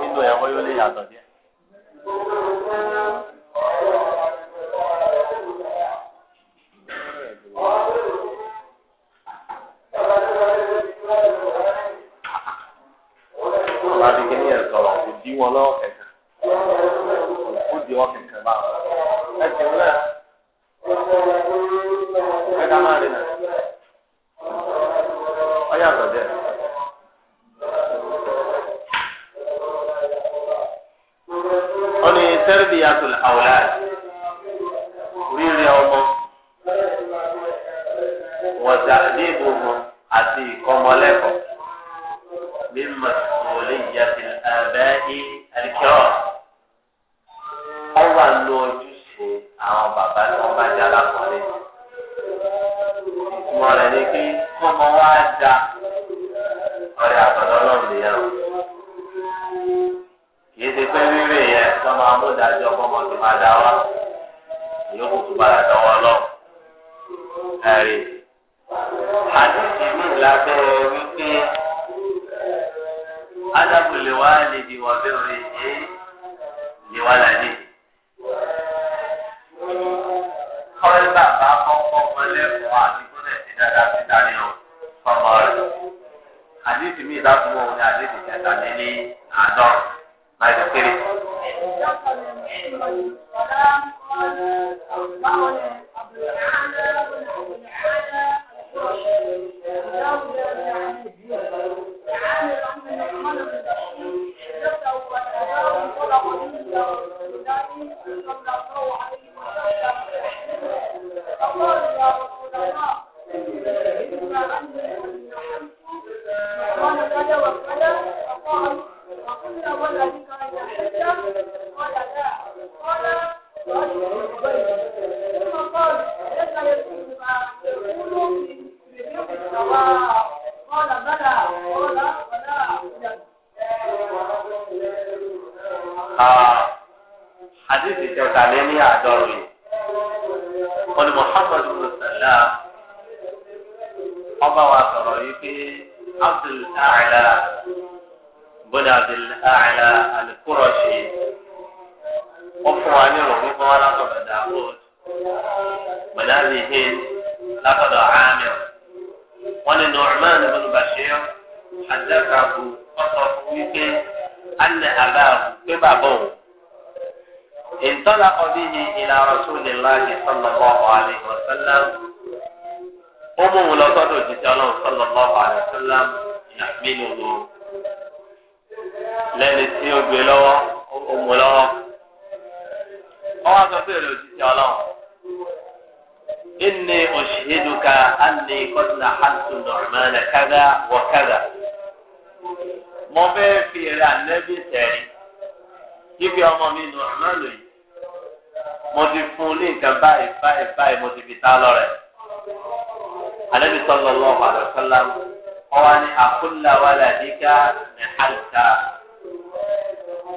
wíńdò yẹn bóyá ó lè yàtọ̀ díẹ̀. Ọba ti kíní ẹ̀ sọ̀rọ̀ kò dí تربية الأولاد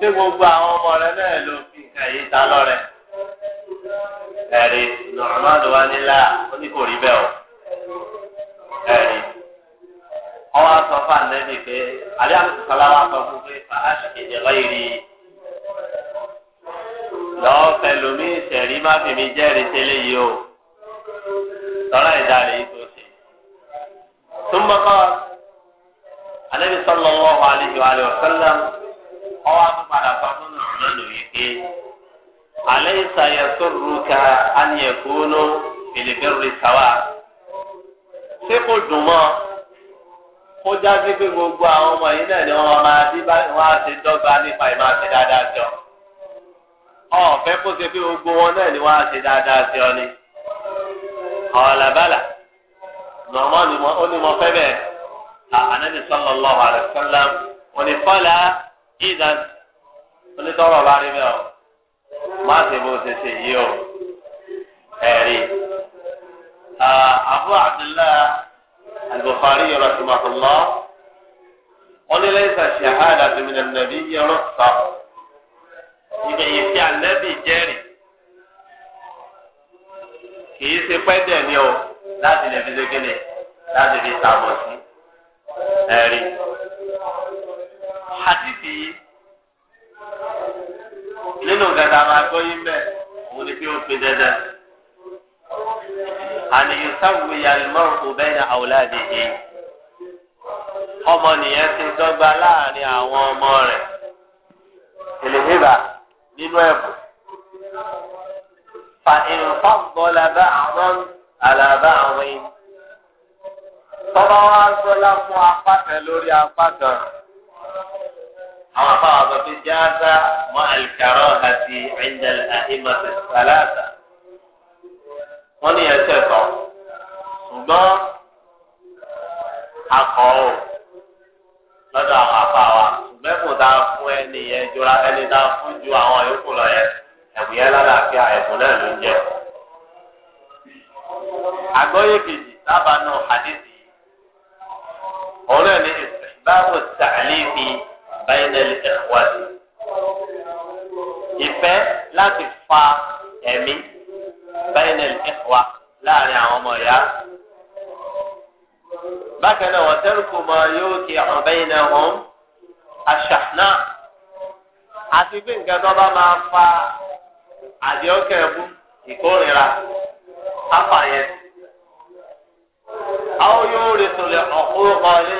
ṣé gbogbo àwọn ọmọ rẹ náà ló fi nǹkan yìí ta lọ́rẹ ẹ̀rí nọ̀rọ̀mọ́dù wa nílá ó ní kò rí bẹ́ẹ̀ o ẹ̀rí ọwọ́ sọ fún ànẹ́bí pé alẹ́ àtúntò sọlá wa sọ fún pé fàáṣì kejì lọ́yìí rí lọ́ọ́ fẹ́ lómi ìṣẹ̀rí má fi mi jẹ́rìí tẹ́lẹ̀ yìí o tọ́lá ìdálẹ̀ yìí tó ṣe. túnbọ̀ kọ́ alẹ́bí sallallahu alaihi wa sallam ọwọ́ tó padà sọ fún ọ̀nà lòye pé alẹ́ ìsàyẹ̀ sọ̀rọ̀ ká àníyẹ̀ kúnú ìlẹ̀bẹ̀rù ìsàwà. ṣé kò dùn mọ́ kó jáde pé gbogbo àwọn ọmọ yìí náà ni wọ́n máa bí wọ́n á ṣe dọ́gba nípa ìmọ̀ àti dáadáa jọ. ọ̀fẹ́ kó ṣe pé gbogbo wọn náà ni wọ́n á ṣe dáadáa jọ ni. ọ̀làbàlà nọ̀mọ́ ni mo fẹ́ bẹ́ẹ̀ ànábì sallallahu alaihi wasallam òní fọ́lá ìdá onítọ́rọ̀ bá rí bẹ́ẹ̀ o má ṣe bó ṣe ṣe yìí o ẹ̀rí. Abu Abdullah al-Bukhari rahimahullah wọn ní lẹ́yìn ṣàṣàhádà tó mi nàbí yọrọ sọ ìgbà yìí tí ànábì jẹ́rìí kìí ṣe pẹ́ dẹ̀ ni o láti lè fi ṣe kéde láti fi ṣàbọ̀ sí ẹ̀rí hadithi yìí nínú gàdá máa gbọ́ yín bẹ́ẹ̀ òun ni pé ó pe dandan. àní yusawu yalimọ́rù kò bẹ́ẹ̀ ní àwòládé yìí ọmọ nìyẹn ti dọ́gba láàrin àwọn ọmọ rẹ̀ èlèhébà nínú ẹ̀bùn. fa ìfọ̀gbọ́lá bá àwọn àlàbà àwọn yìí. tọ́ba wa gbọ́lá fún apá kan lórí apá kan àwọn afáwọn àgbàfin jáàzá mọ àlìkàrọ àti ẹnjẹlẹ àhìmọsẹ sàlàtà wọn ní ẹsẹ tọ ṣùgbọ́n akọ o lọ́dọ̀ àwọn afáwa ṣùgbọ́n kò dáa fún ẹni yẹn jura ẹni dáa fún ju àwọn yòókù lọ yẹn ẹ̀bùn yẹn lálàáfíà ẹ̀bùn náà ló ń jẹ. àgbọ́yé kejì sábà náà hadithi ọ̀rẹ́ ní ìsìn báwo sàlẹ́ mi báyìí ẹ̀wádìí. ìfẹ́ láti fa ẹ̀mí báyìí ẹ̀wá láàrin àwọn ọmọ ìyá. bákan náà wọ́n tẹ́lẹ̀ kò mọ yóò kí àwọn báyìí náà wọ́n aṣà náà àti bí nǹkan tó bá máa fa àdéhùnkẹ́ ẹ̀bú ìkórìíra afàyẹ. àwọn yóò rí sọlẹ̀ ọ̀kúrò kan ní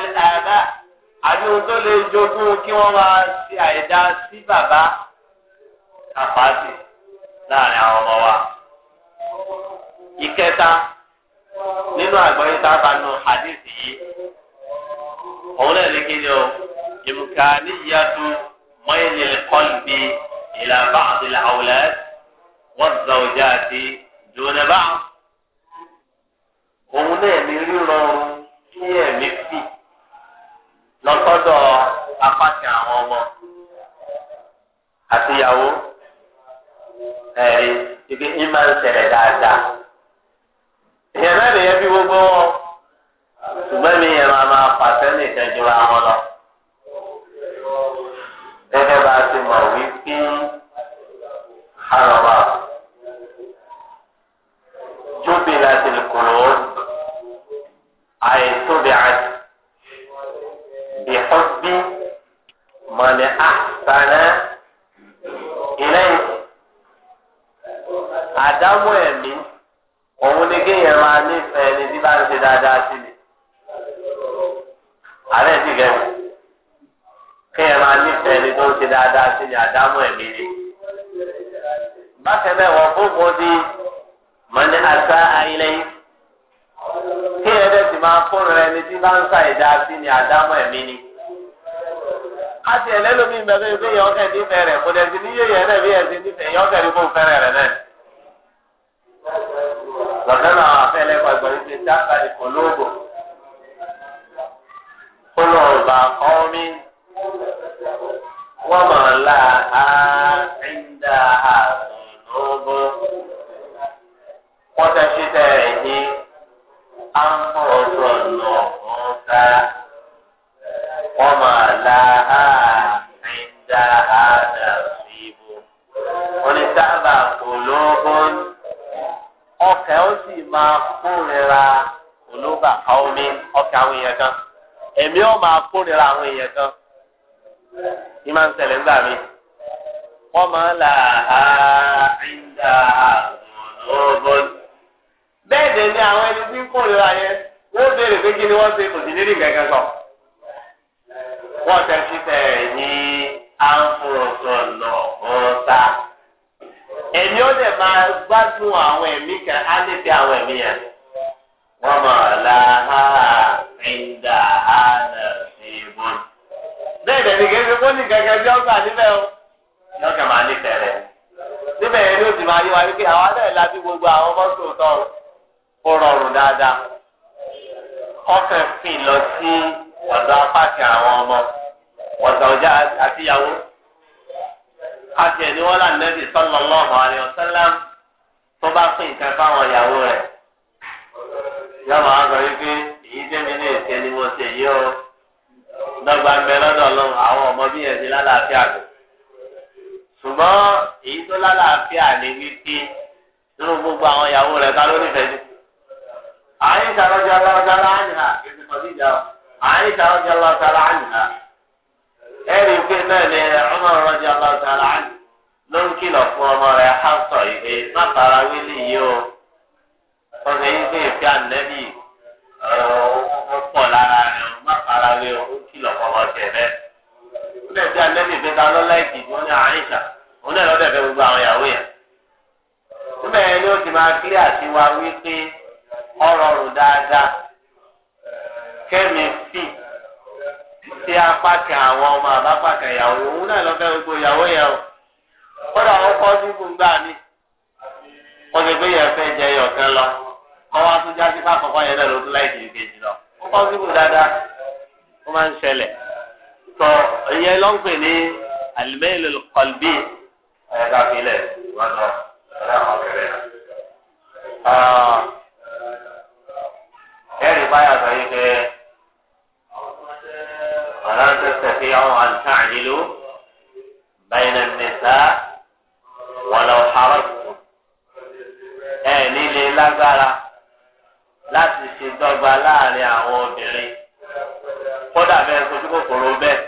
àbí ohun tó lè jogún kí wọ́n máa ṣe àìdá sí bàbá kàpáàsì láàrin àwọn ọmọ wa. ìkẹta nínú àgbọ̀yé tá a bá nu hadith yìí òun náà ní kí ni o ìmùkà níyàtú mọ́yìnlẹ̀ kọ́lùbí ìlà bàtí làwùlẹ̀ wọ́n zàwùjá àti dùnẹ̀bà. òun náà ní rírọrùn kí ẹ̀mí fi lọ́sọ́dọ̀ apáṣẹ àwọn ọmọ àtìyàwó ẹ̀rí ibi ìmọ̀ ń ṣẹlẹ̀ dáadáa. Ìyẹn náà lè yẹ bí gbogbo wọn ṣùgbọ́n mi yẹn máa máa pàṣẹ ní ìtẹ́júra wọn lọ. Gẹ́gẹ́ bá a ti mọ̀ wípé àrọ̀wà jóbi láti kúrò àìsóbi àti. حب من أحسن إليه àdámù ẹ̀mí òun ni kéèyàn máa nífẹ̀ẹ́ ẹni tí bá ń ṣe dáadáa sí ni ààrẹ sì gẹ̀mí máa nífẹ̀ẹ́ ń ṣe dáadáa sí ni àdámù ẹ̀mí ni. wọ́n fóògùn di mọ́ni àṣà sì máa fóònù tí bá ń ṣàìdá kasi ẹlẹ́lómi ìgbàgbọ́ yìí pé yẹn ọkẹ́ nífẹ̀ rẹ̀ kò dẹ̀ sí ní yẹ̀yẹ̀ rẹ̀ bí ẹ̀sìn nífẹ̀ yẹn ọkẹ́ rí fún fẹ́rẹ̀ rẹ̀ náà. lọ́sẹ̀ náà afẹ́lẹ́ gbàgbọ́ yìí pé dáta ìkọ̀ lóògùn kó lọ bá kọ́ mi wọ́n mọ̀ ńlá á ń dá àtúntò wọ́n tẹ̀ sí tẹ̀ ẹ̀yìn á ń bọ̀ وما لها عندها نصيب onítàbà ológun ọkẹ ó sì máa kórìíra olóba kaomi ọkẹ àwọn èèyàn kan ẹ̀mí ó máa kórìíra àwọn èèyàn kan ní máa ń ṣẹlẹ̀ ńgbà mi wọ́n máa là á ìdá ológun bẹ́ẹ̀ ni àwọn ẹni tí ń kórìíra yẹn wọ́n béèrè pé kí ni wọ́n ṣe kò sí nídìí kankan sọ. wọ́tẹ̀síbẹ̀ ní àǹfọ̀sọ̀nà ọ̀tá. Èmi ó lè máa gbádùn àwọn ẹ̀mí kan á lè fi àwọn ẹ̀mí ha Wọ́n mọ̀ láhà ẹ̀ńdà ànà ìbọn. Bẹ́ẹ̀ dẹ̀ ni gẹ́gẹ́ bó ní ní tẹ̀rẹ̀. Níbẹ̀ yẹn ló gbogbo lọ si. ọ̀dọ̀ apáàkì àwọn ọmọ ọ̀dọ̀ ọjà àtìyàwó àti ẹni wọn tó bá pín nǹkan fáwọn ìyàwó rẹ̀ yọmọ wípé èyí ní ẹni mo ṣe yí o àwọn ọmọ bí ẹ̀sìn lálàáfíà lò èyí tó lálàáfíà ni wípé nínú gbogbo àwọn ìyàwó rẹ̀ ká ló nífẹ̀ẹ́ jù. àyíká ìjà o. àyíṣà ọjà lọ́sàrà àyìnbá ẹ̀rí pé náà ni ọmọ ọjà lọ́sàrà àyìnbá ló ń kìlọ̀ fún ọmọ rẹ̀ hásọ̀ ìgbé má fara wílì yìí o ọ̀sẹ̀ yìí sì fi ànẹ́bì ó kẹ́mẹ̀sì sí apá kan àwọn ọmọ àbápá kan ìyàwó òun náà lọ́fẹ́ gbogbo ìyàwó yẹn o kódà ó kọ́ sí gbogbo àmì wọ́n ti gbé yẹn fẹ́ jẹ yọ̀ kan lọ wọ́n wá tún jáde bá kọ̀ọ̀kan yẹn lọ́dún láì kìí kejì lọ ó kọ́ sí gbogbo dáadáa ó máa ń ṣẹlẹ̀ tọ ìyẹn ló ń pè ní alimẹ́lẹ̀ kọ̀lbí ẹ̀ka filẹ̀ wọn lọ ẹ̀ka ah. ọ̀kẹ́rẹ́ ẹ̀rí báyà sọ yìí pé. فلا تستطيعوا أن تعدلوا بين النساء ولو حرصتم ẹni lè lágbára láti ṣe dọ́gba láàrin àwọn obìnrin kódà bẹ́ẹ̀ sojú kòkòrò bẹ́ẹ̀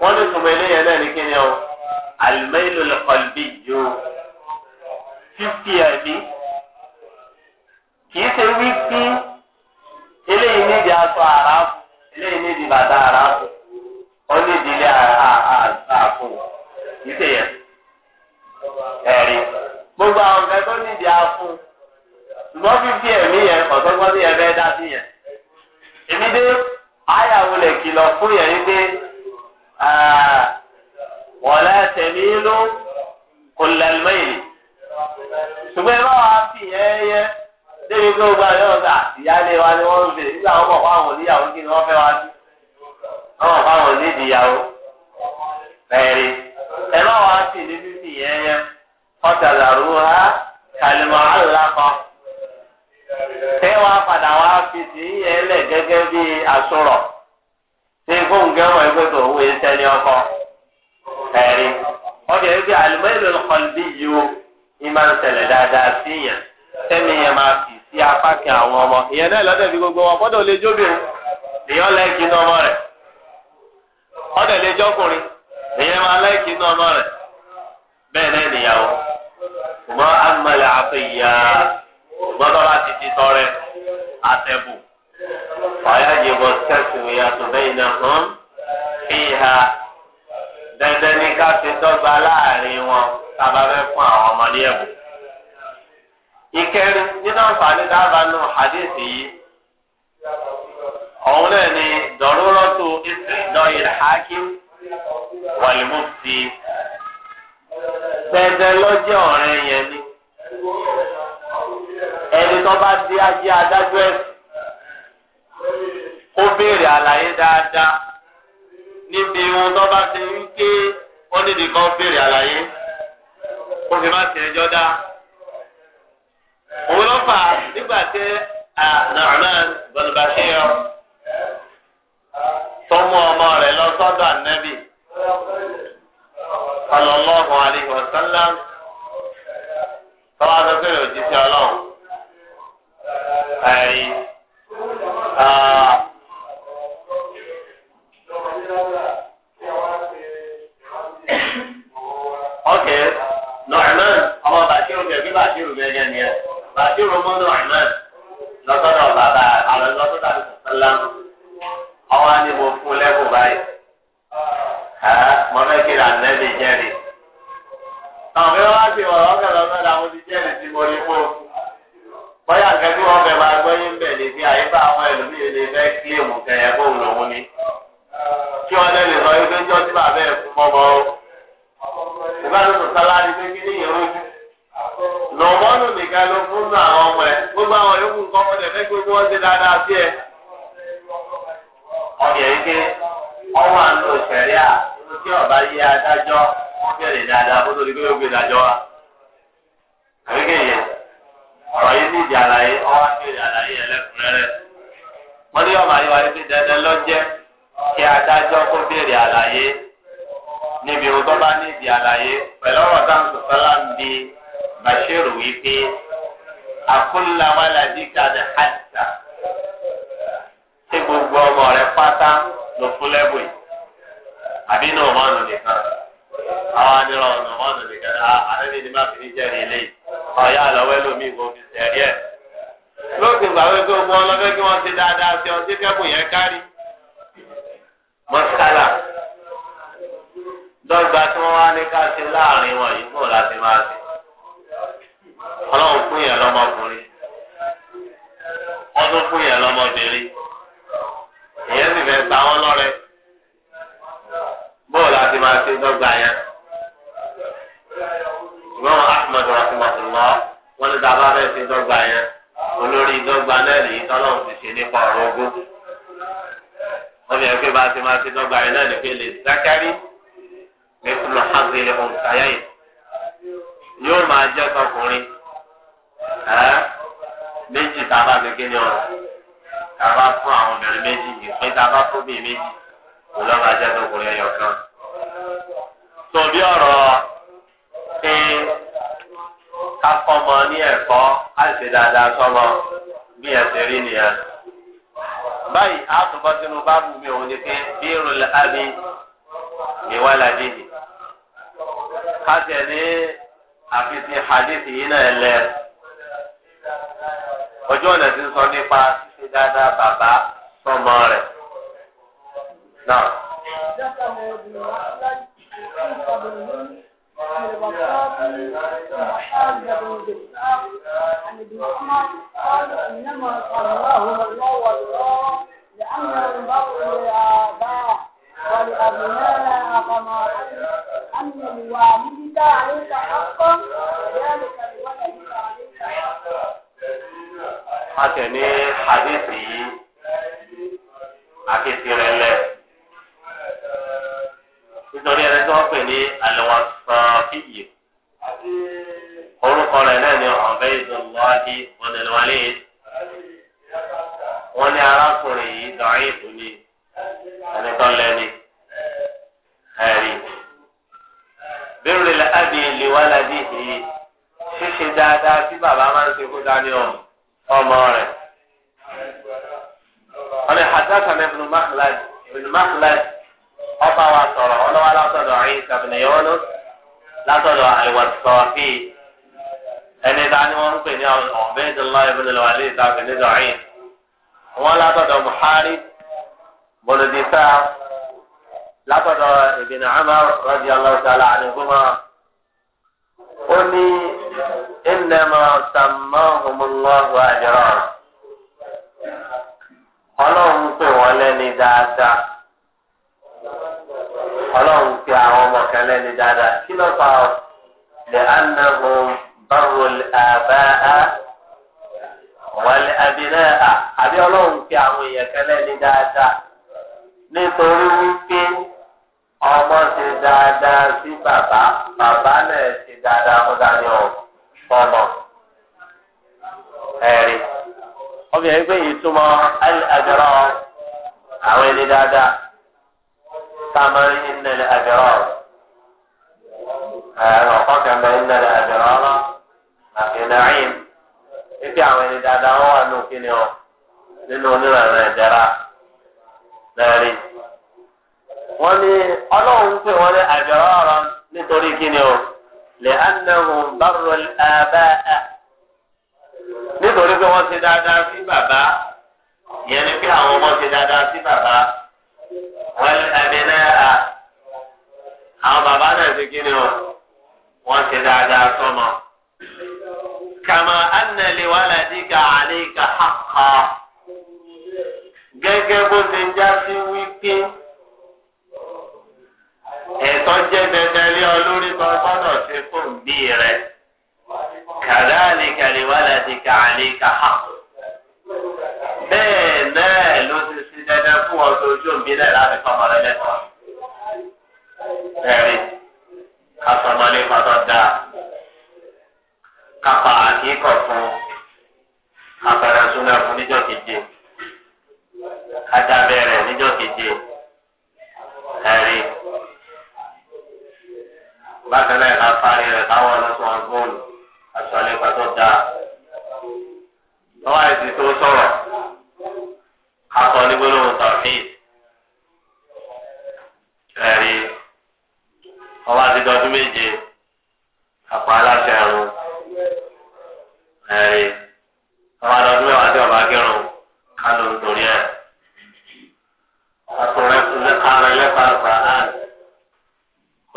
wọ́n ní tùmọ̀ eléyẹn náà ní kíni o alimẹ́lò lẹ́kọ̀ọ́lì jo fífi ẹ̀mí kì í ṣe wípé eléyìí nídìí aṣọ àrà fún ilé ilé di bàbá ara fún ọ ní ìdílé àfún ìṣe yẹn ẹ̀rí gbogbo àwọn ọ̀gá tó nídìí afún ṣùgbọ́n fífi ẹ̀mí yẹn ọ̀sọ́gbọ́n ní ẹ̀fẹ́ dá sí yẹn èmi dé ayàwó lè kìlọ̀ fún yẹn yín pé wọ́n lẹ́sẹ̀ ní ló kò lẹ́lẹ́mẹ́yìn ṣùgbọ́n ẹ bá wàá fi yẹn yẹn débi pé ó gba yóò gbà ìyáálé wa ni wọ́n ń bèrè nígbà wọn bọ̀ fún àwọn oníyàwó kí ni wọ́n fẹ́ wá sí wọn bọ̀ fún àwọn onídìyàwó bẹ̀rẹ̀ ẹ má wá sí ní fífi yẹn yẹn ọ̀tàlà ha kàlùmọ̀ àlùlákọ̀ tẹ́ wàá padà wá fi sí yẹn lẹ̀ gẹ́gẹ́ bí àsọ̀rọ̀ ṣé fóun gẹ́wọ̀n ẹgbẹ́ tó owó yẹn sẹ́ni ọkọ̀ bẹ̀rẹ̀ ọ̀dẹ̀ yẹn bí àlùmọ́ ìlú ọ̀kọ̀lùbí yìí ó ní ń ṣẹlẹ̀ dáadáa sí yẹn sẹ́mi yẹn máa fi sí apá kan àwọn ọmọ ìyẹn náà lọ́dẹ̀ fi gbogbo wọn fọ́dọ̀ lè jóbìnrin èèyàn lẹ́ẹ̀kì inú ọmọ rẹ̀ ọ̀dẹ̀ lè jọkùnrin èèyàn máa lẹ́ẹ̀kì inú ọmọ rẹ̀ bẹ́ẹ̀ náà nìyàwó ṣùgbọ́n ṣùgbọ́n tó bá ti tọrẹ àtẹ̀bù ọ̀yá yìí sẹ́sìn ìyàtọ̀ náà a fún àwọn ọmọ ìkẹrin nínú àǹfààní dábàá nù hadith yìí ọ̀hún náà ni dọ̀rọ̀rọ̀tò ìsìndọ̀yìn hakim wàlímùsì pẹ̀dẹ̀ lọ́jọ́ ọ̀rẹ́ yẹn ni ẹni tó bá di ajé adájọ́ ẹ̀sìn kó béèrè àlàyé dáadáa níbi ohun tó bá ti ń ké ó nídìí kan béèrè àlàyé kó fi má ti ẹjọ́ dáa òun ló fà á nígbà tí Nu'man bin Bashir tó mú ọmọ rẹ̀ lọ sọ́dọ̀ ànábì sallallahu alaihi wa sallam tọ́wọ́ sọ pé òjíṣẹ́ ọlọ́run ẹ̀rí ok Nu'man ọmọ bàṣírù bẹ̀ẹ́ bí bàṣírù bẹ́ẹ̀ gẹ́ ni ẹ. bàtí romodo ọ̀nàn lọ́sọ̀dọ̀ bàbá àlọ́ lọ́sọ̀dọ̀ àlùsọ̀sọ́lá ọwọ́ ni mo fún lẹ́bù báyìí mọ̀mẹ́kì là nẹ́bí jẹ́rì. àwọn bí wọ́n bá ti wọ̀ ọ́ kẹlẹ́ ọ̀sọ̀dọ̀ àwọn ti jẹ́rì tí mo rí fún un. bóyá nǹkan nọ̀mọ́nù nìkan ló fún nù àwọn ọmọ ẹ̀ gbogbo àwọn ọkpọkọ nǹkan ọmọdé fẹ́ gbogbo wọn ṣe dáadáa sí ẹ. ọ̀yẹ̀ ike ọba Bashir wípé akúnlámàlà díkà ní hàjà tí gbogbo ọmọ rẹ pátá ló fún lẹ́bù yìí àbí ní ọmọnù nìkan àwọn anìrọ̀ ọ̀nà ọmọnù nìkan àrẹ́bí ni má fi ní jẹ́rìí ilé yìí ọ̀yá àlọ́wẹ́ lómi ìwọ fi sẹ̀rí ẹ̀ lóògùn ìgbàwé gbogbo ọlọ́fẹ́ kí wọ́n ti dáadáa sí ọtí kẹ́kùn yẹn kárí mọ́sálà dọ́gba tí wọ́n wá ní ká ṣe láàrin wọn yìí kò láti máa ṣe ọlọ́run fún yẹn lọ́mọkùnrin ọdún fún yẹn lọ́mọbìnrin ìyẹn sì fẹ́ gba wọn lọ́rẹ bóòlù àti máa ṣe dọ́gba yẹn ṣùgbọ́n ahmed rahimahullah wọn ní dábàá fẹ́ ṣe dọ́gba yẹn olórí dọ́gba náà lèyí tọ́lọ́run ti ṣe nípa ọ̀rọ̀ ogún wọ́n fi hàn pé bá a ti máa ṣe dọ́gba yẹn náà ní pé lè ní kúlọ̀ hàzìlì yóò máa jẹ́ tọkùnrin méjì tá a bá gbégé ní ọ̀rọ̀ tá a bá fún àwọn obìnrin méjì ìpín tá a bá fún bíi méjì kò lọ́ba jẹ́ tókùnrin ẹyọ kan. tòbí ọ̀rọ̀ ṣé kákọ́mọ ní ẹ̀kọ́ á ṣe dáadáa sọ́mọ bí ẹ̀sẹ̀ rí nìyẹn. báyìí a tún bọ́ sínú báàbù mi òun ni pé bí irun lábí ìwádìí nì. ká tẹ̀ ní àfihàn hadith yìí náà lẹ́ẹ̀. ọjọ́ ọ̀nà tí ń sọ nípa ṣíṣe dáadáa bàbá sọmọ rẹ̀ náà. ولأبناء أن لوالدك عليك حقا ذلك a kẹ ní àdéhùn yìí àkẹtì rẹ lẹ nítorí ẹni tó ń pè ní alwasafiyyi orúkọ rẹ náà ni ọ̀bẹ ìdùnnúwájú ọ̀dẹ̀lẹ̀wálé wọn ní arákùnrin yìí dọ̀rí ìdùnnú ẹni tó lẹ́ni ẹ̀rí bírò lè ábí wálé àdéhùn yìí ṣíṣe dáadáa tí bàbá máa ń ṣe kó dání ọ̀hún ọmọ rẹ̀. wọ́n ní hadassah ibn makhlad ibn makhlad ọba wa sọ̀rọ̀ ọlọ́wà látọ̀dọ̀ ayé sàbìnà yọ́nù látọ̀dọ̀ àìwàsọ̀fì ẹni dání wọn ń pè ní ọ̀bẹ́dìlọ́ ibn al-walid sàbìnà dọ̀ọ́yìn. wọ́n látọ̀dọ̀ muhari bọ̀lùdísà látọ̀dọ̀ ibn umar radiyallahu ta'ala anhuma ó ní. إنما سماهم الله أجرا ọlọ́run pè wọ́n lẹ́ni dáadáa ọlọ́run pè àwọn ọmọ kan lẹ́ni dáadáa kí ló fà ọ́ lè anahun barul abaa wal abinaa àbí ọlọ́run pè fọmọ ẹrí obìnrin pé ìtumọ̀ àjọrọ àwọn ẹni dáadáa tamari ìnẹlẹ àjọrọ ẹrọ ọkọkànlẹ ìnẹlẹ àjọrọ ọlọ àfẹnàyìn àwọn ẹni dáadáa wọn wà ní òkìní ọ nínú onírànà ìdára lẹrí wọn ni Ọlọ́run pè wọn ní àjọrọ ọ̀rọ̀ nítorí kíni o. لأنهم بروا الآباء nítorí pé wọ́n ṣe dáadáa sí bàbá ìyẹn ni pé àwọn ọmọ ṣe dáadáa sí bàbá wọ́n ẹ̀mí náà àwọn bàbá náà ṣe kí ni o wọ́n ṣe dáadáa sọ́mọ. kàmá ànàlẹ́ waladika alayka haqqan gẹ́gẹ́ bó ṣe já sí wípé ètò jẹ́ dandan lé ọ lórí tó gbọ́dọ̀ ṣe fún bí rẹ̀ kàdáàlì kàlíwálà ti kà ní kàhá. bẹ́ẹ̀ náà ló ti ṣe dandan fún ọ tó ojú òbí náà láti fọmọ rẹ lẹ́kọ̀ọ́. ẹ̀rí kásọmọlé fọtọ́ dáa kápá àkíkọ̀ fún apẹ̀rẹ̀ súnmọ́ fún níjọ́ keje kájà bẹ̀rẹ̀ níjọ́ keje ẹ̀rí. bákan náà ká parí rẹ̀ káwọn ọlọ́sùn agbóhùn aṣọ tó lọ́wọ́ àìsí tó sọ̀rọ̀ ẹ̀rí ọba ti méje aláṣẹ ẹ̀rí ọba mẹ́wàá tí ọba kírun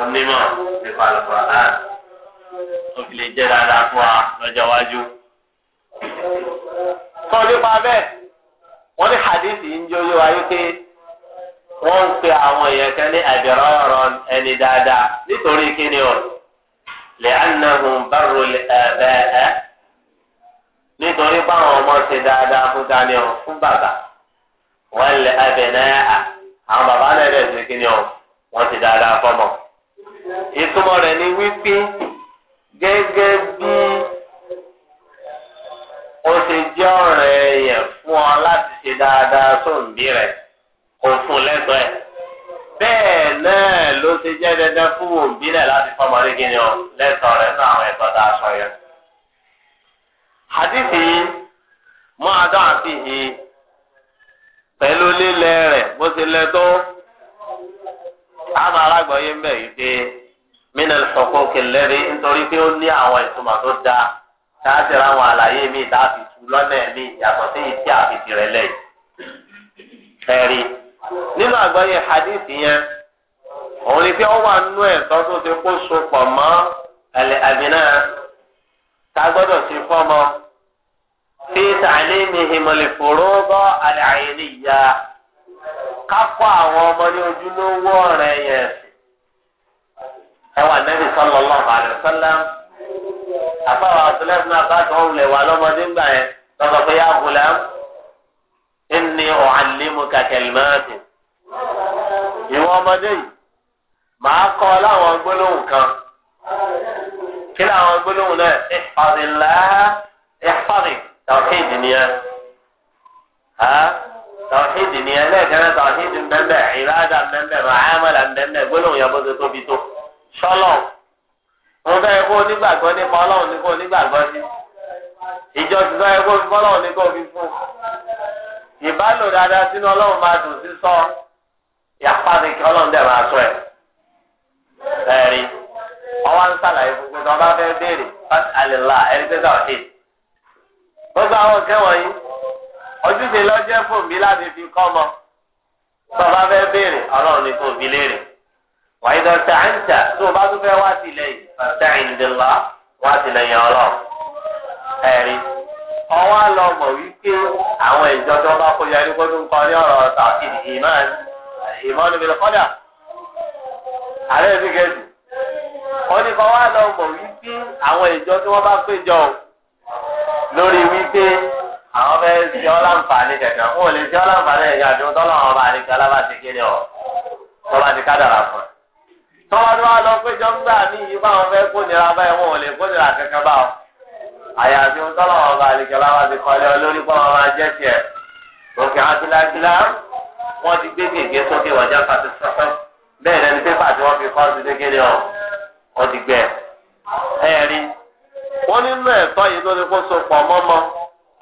onímọ̀ nípa àlùkò àlàn ó fi lè jẹ́ dáadáa fún wa lọ́jọ́ iwájú. sọ nípa bẹ́ẹ̀ wọ́n ní hadithi ń jó yóò wáyé pé wọ́n ń pe àwọn èèyàn kan ní àbẹ̀rọ̀ ẹni dáadáa nítorí kíni o lè anahun baro ẹ̀bẹ̀ ẹ̀ nítorí báwọn ọmọ ṣe dáadáa fún daniel fún bàbá wọn lè abẹ náà àwọn bàbá náà dẹ̀ ṣe kíni o wọ́n ti dáadáa fọmọ. ìtumọ̀ rẹ̀ ni wípé gẹ́gẹ́ bí o ṣe jẹ́ ọ̀rẹ́ yẹn fún ọ láti ṣe dáadáa sóǹbí rẹ̀ kò fún lẹ́tọ̀ọ́ ẹ̀ bẹ́ẹ̀ náà ló ṣe jẹ́ dandan fún òbí rẹ̀ láti fọmọ ní kíni ọ rẹ̀ náà àwọn ẹ̀tọ́ tá a sọ yẹn. àdìsí mọ́ adọ́ àti pẹ̀lú lílẹ̀ rẹ̀ àmọ́ alágbọ̀yé ń bẹ̀ yìí pé mínà sọ̀kò kẹlẹ́rì nítorí pé ó ní àwọn ìtumọ̀ tó dáa láti ra àwọn àlàyé mi láti tu lọ́nà mi yàtọ̀ sí ìtí àfìsí rẹ̀ lẹ́yìn. ẹ̀rí nínú àgbọ̀yé hadith yẹn òun ni pé ó wà nínú ẹ̀tọ́ tó ti kó so pọ̀ mọ́ àbínà tá gbọ́dọ̀ ti fọ́mọ fi tàlẹ́ mi hìmọ̀lẹ́fòrò bọ́ àlẹ́ àyè níyà. kakọ àwọn ọmọ ní ojúlówó ọ̀rẹ́ yẹn ẹ wà nẹ́bí sọlọ lọ́wọ́ àlẹ́ sọlá àbáwọ̀ àtúlẹ̀ fún abáàtọ̀ òwúlẹ̀ wà lọ́mọdé ńgbà yẹn lọ́sọ̀ pé yá bùlẹ̀ ẹni ọ̀hánlẹ́mú kàkẹ́lìmọ́tì ìwọ ọmọdé yìí màá kọ́ láwọn gbólóhùn kan kí gbólóhùn náà tọ̀hídì ni ẹlẹ́ẹ̀kẹ́rẹ́ tọ̀hídì ń bẹ́ẹ̀ bẹ́ẹ̀ ìrádà ń bẹ́ẹ̀ bẹ́ẹ̀ màámàlà ń bẹ́ẹ̀ bẹ́ẹ̀ gbólóhùn yẹn bó ṣe tóbi tó sọ́lọ̀ mo fẹ́ kó onígbàgbọ́ nípa ọlọ́run ní kó onígbàgbọ́ sí ìjọ ti sọ ẹgbẹ́ òfin fọlọ́run ní kó fi fún ìbálò dáadáa sínú ọlọ́run máa dùn sí sọ ìyàpàdé kí ọlọ́run dẹ̀ máa sọ ẹ̀ ẹ̀rí ọwọ́ ń sàlàyé fún pé tí wọ́n bá fẹ́ béèrè fásitì àlè ojúṣe lọ́jẹ́ fún mi láti fi kọ́ mọ tọ́ba fẹ́ béèrè ọlọ́run ní kò fi léèrè wàyí lọ tẹ àǹtà tó o bá tún fẹ́ wá sí lẹ́yìn tẹ ìdìlá wá sí lẹ́yìn ọlọ́run ẹ̀rí ọwọ́ lọ mọ̀ wípé àwọn ìjọ tó bá kó yarí kó tó kọ ní ọ̀rọ̀ tàbí ìmán ìmọ̀nù mi lọ́kọ́dà ààrẹ mi gẹ̀ẹ́sì wọ́n ní kọ́ wá lọ mọ̀ wípé àwọn ìjọ tí wọ́n bá péjọ lórí wípé. àwọn fẹ́ ṣe ọ́ láǹfààní kẹ̀kẹ́ wọn ò lè ṣe ọ́ láǹfààní àti ọba àti kẹlẹ́ bá ti kéde ọ̀ tọ́ba ti kádàrà fún ẹ. tọ́ba lọ pé ní ìyí bá wọn fẹ́ kó nira báyìí wọn ò lè kó nira bá ọ. lọ́wọ́ ti kọ́lé ọ lórí jẹ́ tiẹ̀. òkè àtìlágilá wọn ti gbé gègé sókè wọjá pàtó bẹ́ẹ̀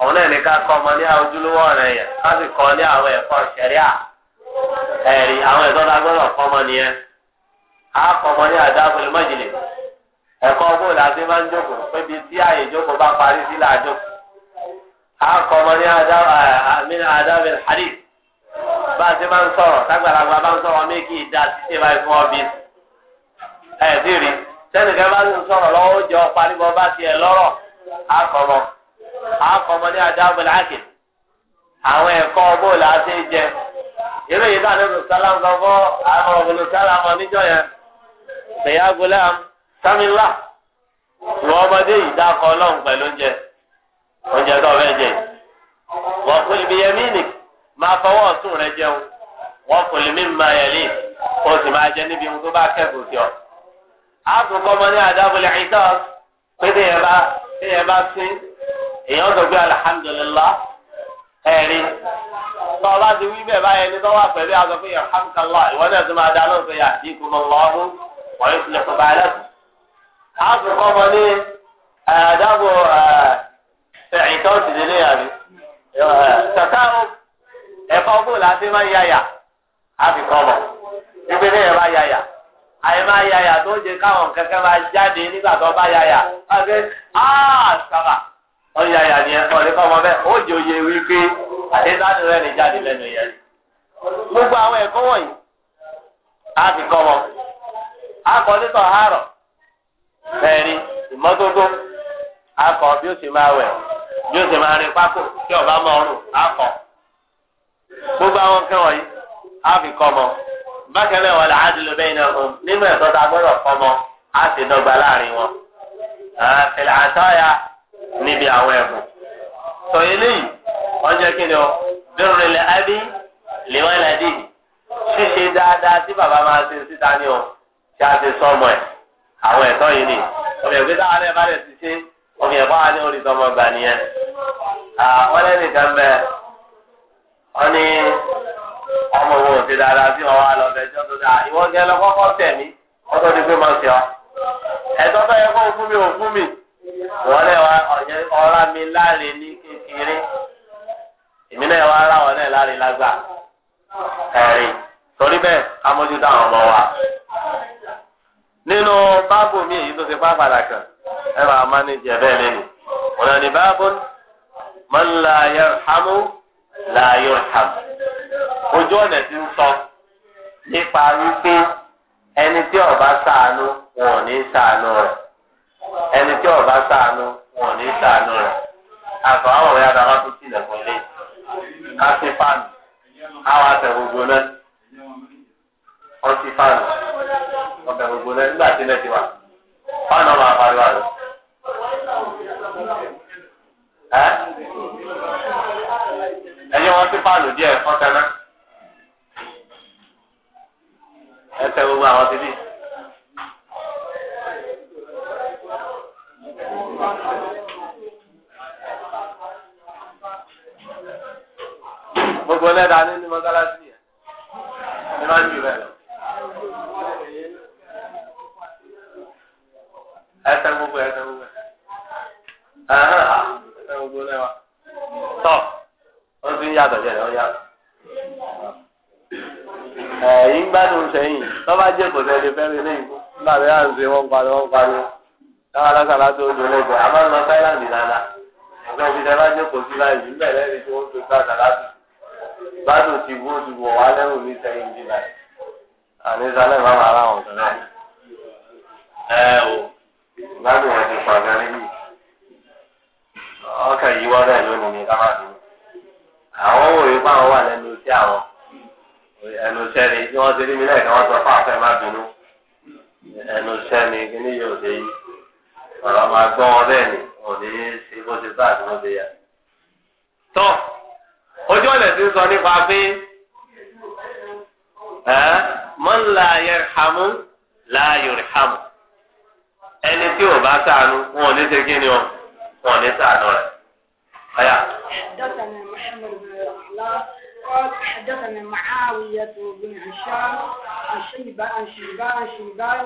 òun náà ní ká ọmọ ní ojúlówó ọ̀rẹ́ yẹn ká sì ní àwọn ẹ̀kọ́ ṣẹ̀ríà ẹ̀rí àwọn ẹ̀tọ́ la gbọ́dọ̀ kọ́ ọmọ nìyẹn á ọmọ ní ẹ̀kọ́ la máa ń jókòó pébi tí àyè jókòó bá parí sí á ọmọ ní bá a ti máa ń sọ̀rọ̀ tágbàlagbà bá ń sọ̀rọ̀ méjì ìdá títí báyìí fún ọbí ẹ̀ rí sẹ́nìkẹ́ bá ń sọ̀rọ̀ lọ́wọ́ àkọ́mọ ní adáàbọ̀lá àkè àwọn ẹ̀kọ́ bóòlù àti jẹ irú yìí dáná ló sálá ń àwọn ọ̀gbọ̀lù sálá mọ̀ yẹn ṣèyá gulam sámìlá wọ́n ọmọdé yìí dákọ̀ ọlọ́run pẹ̀lú oúnjẹ oúnjẹ tó jẹ ibi yẹn mí máa fọwọ́ ọ̀tún rẹ jẹun máa yẹ lé o sì máa jẹ níbi ohun tó bá kẹ́kọ̀ọ́ sí ọ. èèyàn sọ pé alihamdulilah tó o bá ti wí bẹ́ẹ̀ báyẹn ní tó wà pẹ̀lú àgọ́ pé alhamdulilah ìwọ náà tún máa dá lóhùn pé yàtí kò mọ lọ́hùn wọ́n fún báyìí a sì kọ́ ọmọ ní àdàbò ẹ̀yìn tó ti délé yàrá tata ẹ̀kọ́ bó la máa yáyà a fi kọ́ àyè máa yáyà tó ń jẹ káwọn máa jáde nígbà tó bá ọyà yà ni ẹ ọ̀rẹ́ kọ́ ọmọ bẹ́ẹ̀ ó jẹ wípé àdéhùn rẹ̀ lè jáde lẹ́nu yẹn. gbogbo àwọn ẹ̀kọ́ wọ̀nyí á fi kọ́ wọn. akọ̀lítọ̀ bí ó máa bí ó máa rin pákó tí ọba gbogbo àwọn nǹkan fi wọn. náà nínú ya. níbi àwọn ẹ̀bùn. sọ eléyìí wọ́n jẹ́ kí ni ọ bẹ́ẹ̀rẹ̀ lẹ ábí lèwọ́n ìlàdí ṣíṣe dáadáa tí bàbá máa ṣe síta ní ọ ṣe àti sọmọ ẹ àwọn ẹ̀tọ́ yìí ni ọmọ ẹgbẹ́ táwọn ẹ̀ bá rẹ̀ ti ṣe ọmọ ẹ̀fọ́ wa ní orí sọmọ gbà nìyẹn. àwọn ẹnìkan bẹ ọ ní ọmọ wo ti dáadáa tí wọn wá lọ bẹjọ tó dáa ìwọ jẹ lọ wọ́n lẹ̀ wá ọ̀rá mi láre ní kékeré èmi náà wá ara wọn náà láre lágbà ẹ̀rìn torí bẹ́ẹ̀ ká mójútó àwọn ọmọ wa. nínú báàbù mi èyí tó ti pa pàtàkì ẹ máa má ní jẹ bẹ́ẹ̀ lẹ́nu ọ̀nà ní báàbù man la yarhamu la yurham ojú ọ̀nà ti ń sọ nípa wípé ẹni tí ó bá wọn ò ní ṣàánú rẹ̀. ẹni tí ọba sànù wọn ní sànù rẹ àtọ àwọn ọ̀rẹ́ adama tó tilẹ̀ fún ilé gbogbo náà ọtí fáànù ọtẹ gbogbo náà nígbà ti wà fáànù ọba àpariwo àlọ. ẹyẹ wọn ti fáànù díẹ̀ fọtẹ náà gbogbo àwọn gbogbo ẹlẹ́dàá ní ní mọ́sálásí yẹn ní máa ń jù bẹ́ẹ̀ lọ. ẹsẹ̀ gbogbo ẹsẹ̀ gbogbo ẹsẹ̀ gbogbo lẹ́wà tọ́ ó ti ń yàtọ̀ jẹ́ ẹ̀ ó yàtọ̀. ẹ̀yìn gbádùn sẹ́yìn lọ́ba jẹ́ kò sẹ́ni fẹ́rẹ̀ lẹ́yìn kú nígbà tí wọ́n ń ṣe wọ́n parí wọ́n parí láwọn alásàlá tó ń dolóògbé àmọ́ ń lọ sáyẹ́ǹdì dáadáa ọ̀gá ibi tẹ́ bá jẹ́ kò sí láyé yìí bẹ̀rẹ̀ tí wọ́n ń ṣe gbàdá láti ìbádùn ti bú ti wọ̀ wá lẹ́rù ní sẹ́yìn jìnnà àní sálẹ̀ máa ma ara wọn sọ̀rọ̀ ẹ o ìbádùn wọn ti pàgà níbí ọkà yìí wọ́n dẹ̀ lónìí ní ká má dùn àwọn òye fáwọn wà lẹ́nu iṣẹ́ àwọn ẹnu iṣẹ́ ni tí wọ́n ti rí mi lẹ́ẹ̀kan wọ́n sọ fún àfẹ́ má dùnú ẹnu iṣẹ́ ni kí yóò dé yìí ọ̀rọ̀ máa gbọ́ wọn bẹ́ẹ̀ ni òní ṣe bó ṣe bá àdúgbò dé yà. tọ́ ojú ọ̀nà ti sọ nípa pé man la yarhamu la yurhamu ẹni tí ò bá sànù wọn ò ní ṣe kí ni o wọn ò ní sànù rẹ. حدثنا محمد بن رحلة قال حدثنا معاوية بن هشام عن شيبان عن شيبان شيبان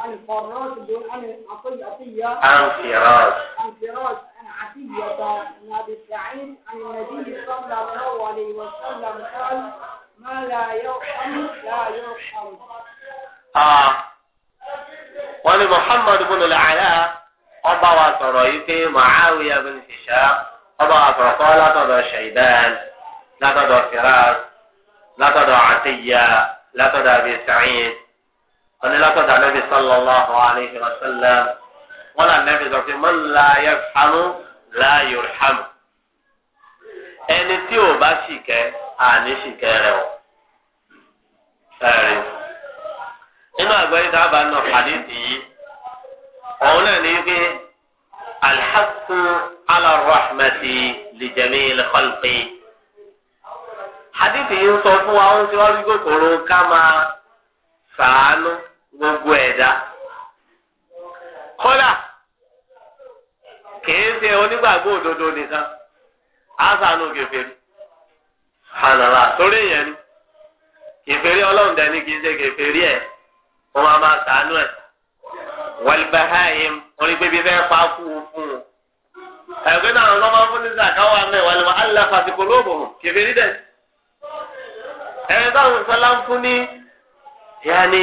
عن فراس دول عن عطية عطية عن فراس عن فراس عن عطية بن أبي سعيد عن النبي صلى الله عليه وسلم قال ما لا يرحم لا يرحم آه wọ́n ní muhammadu bin al-ala ọba wa sọ̀rọ̀ yìí pé muawiya bin hisham ọba wa sọ̀rọ̀ kọ́ látọ̀dọ̀ shaidan látọ̀dọ̀ firas látọ̀dọ̀ atiya látọ̀dọ̀ abi sa'id ọ̀nìlọ́tọ̀dà nẹ́bí sallallahu alayhi wa sallam wọn là nẹ́bí sọ pé man la yarhamu la yurhamu ẹni tí ò bá sì kẹ́ àní sì kẹ́ rẹ̀ o. nínú àgbẹ̀yìn dábàá náà hadith yìí òun náà ní pé alḥasu ala rahmati lijami lkhalqi hadith yìí ń sọ fún wa ó ń ti wá rí ká máa sàánú. gbogbo ẹ̀dá kọ́lá kìí ṣe onígbàgbọ́ òdodo nìkan ásánù kèfèrí hànàlà torí yẹn ni kèfèrí ọlọ́run ni kìí ṣe kèfèrí ẹ̀ e. wọ́n máa máa sànú ẹ̀ e. wàlìbáháyìm onígbèbí fẹ́ pa kú fún un ẹ̀gbẹ́ e náà lọ́ máa fún nísà káwá mẹ́ wàlìbá aláfàsìkò lóòbò kèfèrí dẹ̀ ẹ̀rẹ́ sọlá ń fún ní ni.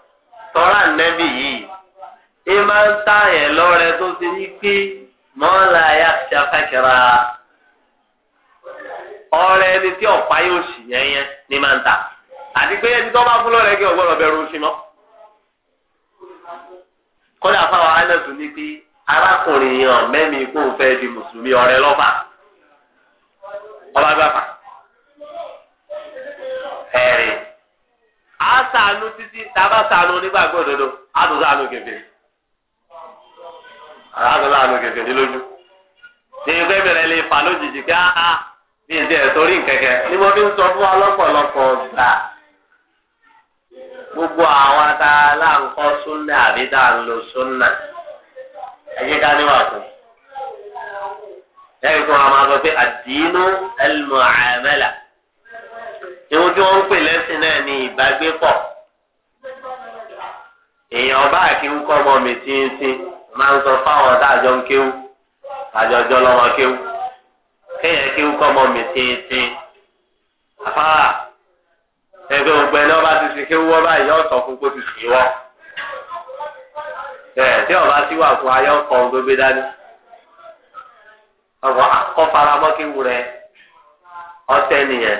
tọ́ra nẹ́bí yìí ẹ máa ń tààyàn lọ́rẹ tó ti ní pé mọ́lá ya ṣe afẹ́kẹ́ra ọ̀rẹ́ ẹni tí ọ̀pá yóò sì yẹn yẹn ma máa ń tà àti pé ẹni tó bá fún lọ́rẹ kí ọgbọ́dọ̀ bẹ̀rù mọ́. kọ́dà fáwọn ní pé arákùnrin yàn mẹ́mi kó o fẹ́ di mùsùlùmí ọ̀rẹ́ ọba a sànú títí tàbá sànú nígbàgbọ́ òdodo a tó sànú kẹfẹ́ a tó lójú ní ìgbẹ́ mìíràn lè fà lójijì ká sọ fún gbà gbogbo àwọn ata aláǹkọ́ súnà àbí tá à ń lo súnà ẹ̀yẹ ká níwà fún irun tí wọ́n ń pè lẹ́sìn náà ni pọ̀. èèyàn bá àkíwú kọ́ ọmọ mi tíntín máa ń sọ fáwọn táàjọ ń kéwú àjọjọ lọ́mọ kéwú kéèyàn kéwú kọ́ ọmọ mi tíntín àfárá ẹgbẹ́ gbogbo ẹni ọba ti ti kéwú ọba yìí ọ̀sán fún kó ti sì wọ́ ẹ̀ tí ọba ti wà fún ayọ́ kan gbégbé dání ọkọ̀ akọ́faramọ́ kéwú rẹ ọtẹ nìyẹn.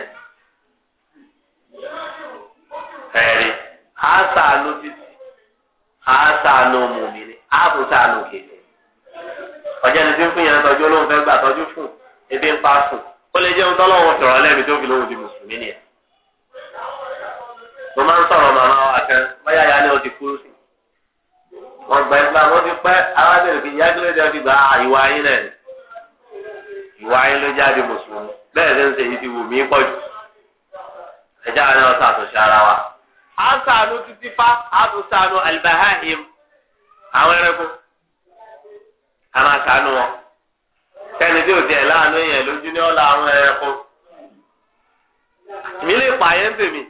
ẹ̀rí àásàánú títí àásàánú mùmí ni àbùsàánú kejì ọjọ́ ni tí ń fún yẹn tọ́jú olóhùn fẹ́ gbà tọ́jú fún ebi ń pa fún ó lè jẹun tọ́lọ́wọ́ sọ̀rọ̀ lẹ́bi tó fi lóhùn di mùsùlùmí nìyẹn. mo máa ń sọ̀rọ̀ màmá wa kan báyà ya ni ti kúrú sí ti pẹ́ arábìnrin ọtí ah, ìwà ìwà ló jáde mùsùlùmí bẹ́ẹ̀ ń ṣe a sànú títí fa a tún sànú alibahahim àwọn ẹranko a máa sànú wọn sẹni tí o tiẹ̀ láàánú yẹn lójú ní ọ̀la àwọn ẹranko mi lè pààyàn tèmi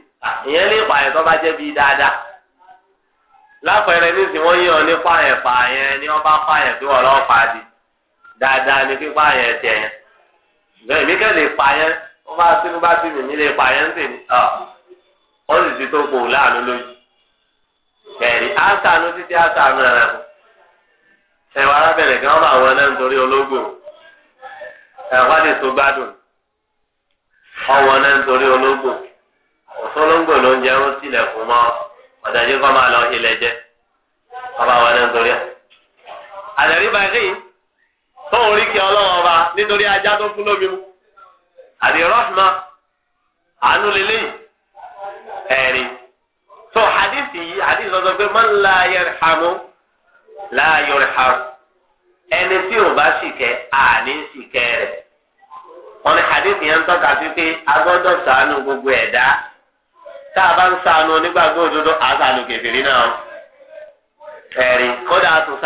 ìyẹn lè pààyàn tó bá jẹ́ bí dáadáa lápẹẹrẹ nísì wọn yíyan ní pààyàn pààyàn ni wọn bá pààyàn tí wọn lọ pàdé ni pípààyàn tiẹ̀ yẹn mi kẹ́ lè pààyàn wọn bá sínú bá sí mi mi lè pààyàn tèmi. wọ́n sì ti tó kó láàánú lójú bẹ́ẹ̀ni àṣàánú títí àṣàánú ara ẹ̀wọ̀n arábìnrin kan bá tó gbádùn ló ń ó máa lọ ọba rí kí ọlọ́wọ́ nítorí ajá tó fún lómi mu àánú ẹ̀rí so hadith yìí hadith lọ́sọ pé man la yarhamu ẹni tí ò bá sì kẹ́ àní sì kẹ́ rẹ̀ wọn ni hadith yẹn ń tọ́ka sí pé a gbọ́dọ̀ ṣàánú gbogbo ẹ̀dá tá a bá ń ṣàánú onígbàgbọ́ òdodo à ṣàánú kèfèrí náà ẹ̀rí kódà a tún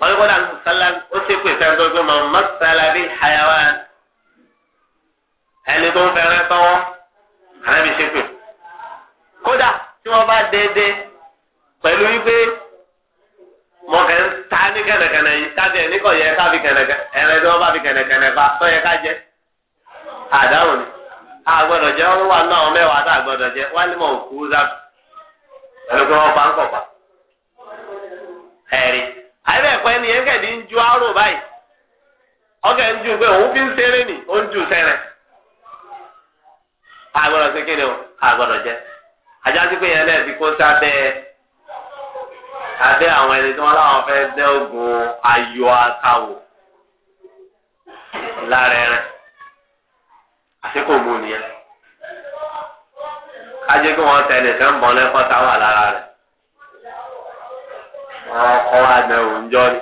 wọn ni kódà ó ànábì ṣépè kódà tí wọ́n bá dédé pẹ̀lú wípé mọ̀kẹ́ ń ta ní kẹ̀nẹ̀kẹ̀nẹ̀ yìí káfí ẹ̀ níkọ̀ yẹ fi kẹ̀nẹ̀kẹ̀ ẹrẹ tí wọ́n bá fi yẹ ká jẹ́ àdáhùn ni jẹ́ wọn wà náà mẹ́wàá tá pé ń ni ń ju àrò báyìí ọkẹ́ ń ju pé òun fi ń ni ó ń ju agbọ́dọ̀ kékeré ah, o agbọ́dọ̀ jẹ ajásí pé yẹn lẹbi kó sábẹ́ abẹ́ àwọn ẹni tí wọn láwọn fẹ́ dẹ oògùn ayọ̀ akawò lára ẹran àti nìyẹn kájé kí wọn tẹ ẹnìkan ń bọ táwà lára ń jọ ni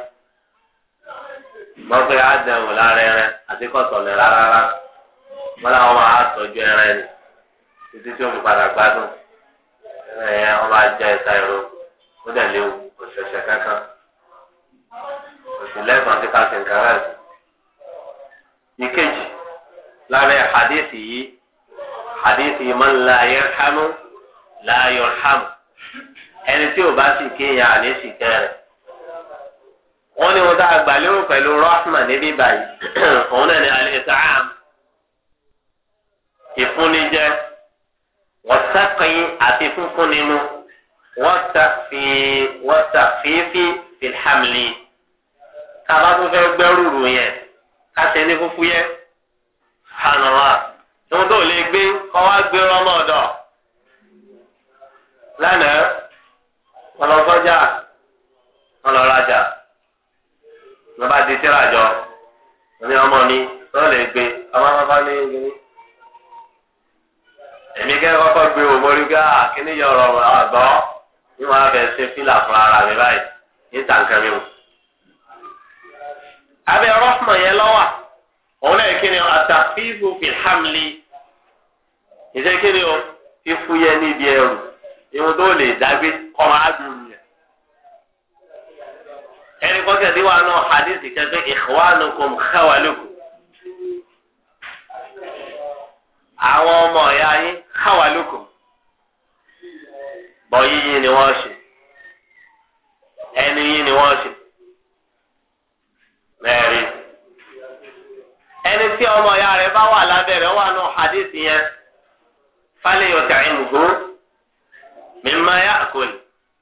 wọn pe àdánwò lára larara àti rárá wọn làwọn títí tí ó fi padà gbádùn ẹ ọba ajá ẹ̀ka ẹ̀rọ ó dẹ̀ léwu òṣèṣẹ́ kankan òṣù lẹ́gbọ̀n tí ká fi ń kárà sí. ìkejì lábẹ́ hadith yìí hadith yìí man la yarhamu la yarhamu ẹni tí ò bá sì kéèyàn àlè sì kẹrin wọ́n ní wọ́n tá a lérò pẹ̀lú rahman níbí báyìí òun náà ní alẹ́ sàám ìfúnnijẹ́ wọ́n sàkóyè àfikún fún nínú wọ́n sàfífì fìlhàmìlì kaba tó fẹ́ gbẹ́rù rù yẹn kásẹ̀ ní fúfú yẹn hànàwá ìwọ́n tó lè gbé kọ́ wá gbé ọmọ ọ̀dọ̀ lánàá ọlọ́gọ́jà ọlọ́rajà lọ́ba di tíra jọ ní ọmọ ni tó gbé ọmọ bàbá ní ìgbìmí èmi kẹ́ kọ́kọ́ gbé wò mórí gbé àkíní ah, yọ ọ̀rọ̀ ọ̀gbọ́ ah, ní wọn fẹ́ ṣe fílà fún ara mi báyìí ní tàǹkà mi wò. abẹ́ rọ́fùmọ̀ yẹn lọ́wà òun náà kí ni àtàfíìbù fìhámlì ìṣe kí ni o fífúyẹ́ níbi ẹrù ìwọ̀n tó lè dágbé kọ́ máa yẹn. ẹnì kọ́kẹ́ tí wàá náà hadith kẹ́kẹ́ ikhwanukum khawalukum. àwọn ọmọ ọ̀yá yín wà lóko bọ̀ yíyí ni wọ́n ṣe ẹni yín ni wọ́n ṣe mẹ́rin ẹni tí ọmọ bá wà wà hadith yẹn mímá yá àkọlù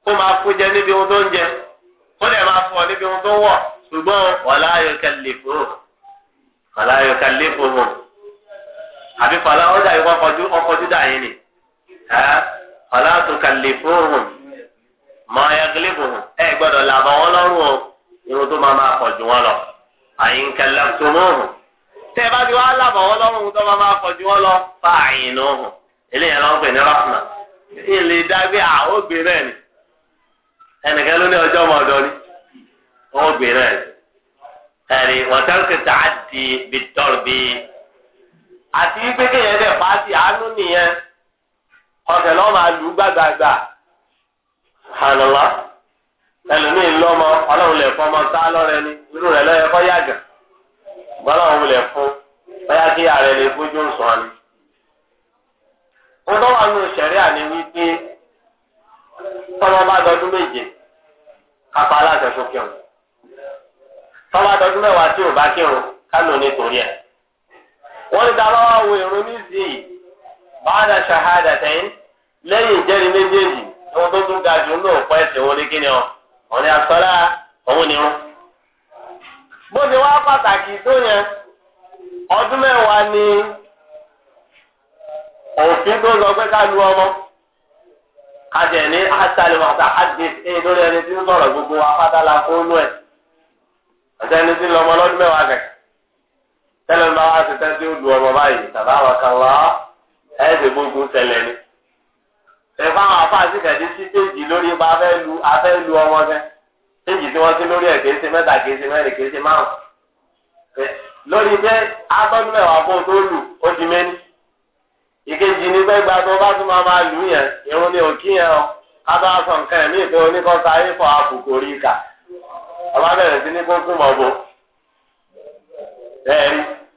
kó máa fún jẹ níbi ohun tó ń jẹ kó lè máa fún ọ àbí fàlà ó dàbí wọn ọkọ júdà yìí ni fàlà tó kàlè fóònù mọ ẹgbẹ́ fòònù ẹ gbọ́dọ̀ làbọ̀ wọn lọ́rùn o irun tó máa máa pọ̀ jù wọn lọ àyìn kẹlẹ́ tó mọ̀ọ́hùn tẹ́ ẹ bá ti wá làbọ̀ wọn lọ́rùn tó máa máa pọ̀ jù wọn lọ fa àyìn nù hùn eléyàn ló ń pè ní rahma ilé dágbé àógbé náà ni ẹnìkan ló ní ọjọ́ ọmọ ni ó gbé náà ni ẹ̀rí wọ́n tẹ́lifíṣà á di bí tọ́rù bíi. àti wípé kéèyàn dẹ̀ pàṣẹ àánú nìyẹn ọ̀sẹ̀ lọ́ọ́ máa lù gbàgbàgbà hànàlá ẹlòmíín lọ́mọ ọlọ́run lè ọmọ tá lọ́rẹ́ ni irú rẹ̀ lọ́yẹ kọ́ yàgà gbọ́dọ̀ lè fún bóyá kí ààrẹ lè fojú ń sọ ni. ó dọ́wọ́ nù sẹ̀ríà ni wípé bá dọdún méje kápá aláṣẹ fún wọ́n ní dáná èrò ní sí i báyà ṣàhádà tẹ́yìn lẹ́yìn ìjẹ́rìí méjèèjì ohun tó tún ga jù ń lò ní ọ òun ni àsọlá òun ni bó ti wá pàtàkì tó yẹn ọdún mẹ́wàá ni ọmọ ní lórí ẹni tí gbogbo fún ẹ̀ ẹni tí ọmọ tẹ́lẹ̀ ń bá wá sí tẹ́tí ó du ọmọ báyìí tàbá wà kàlá ẹ̀ẹ́dẹ̀ gbogbo tẹ̀lẹ̀ ni. ẹ̀fọ́ àwọn afáàsì kẹ̀dí sí péjì lórí ipa afẹ́ lu afẹ́ lu ọmọ gẹ́ péjì tí wọ́n sí lórí ẹ̀ kéésì mẹ́ta kéésì mẹ́rin kéésì márùn-ún. lórí pé atọ́jú mẹ́wàá fún tó lù ó di mẹ́ni. ìkejì ni pé gba tó bá tún máa máa lù yẹn irun ni òkí yẹn o kábà sọ nǹkan ẹ̀mí ìpè oníkọ́ta ifọ̀ àbùkù orí ìkà ọba bẹ̀rẹ̀ sí ní kókó mọ̀ọ́bù. bẹ́ẹ̀ ni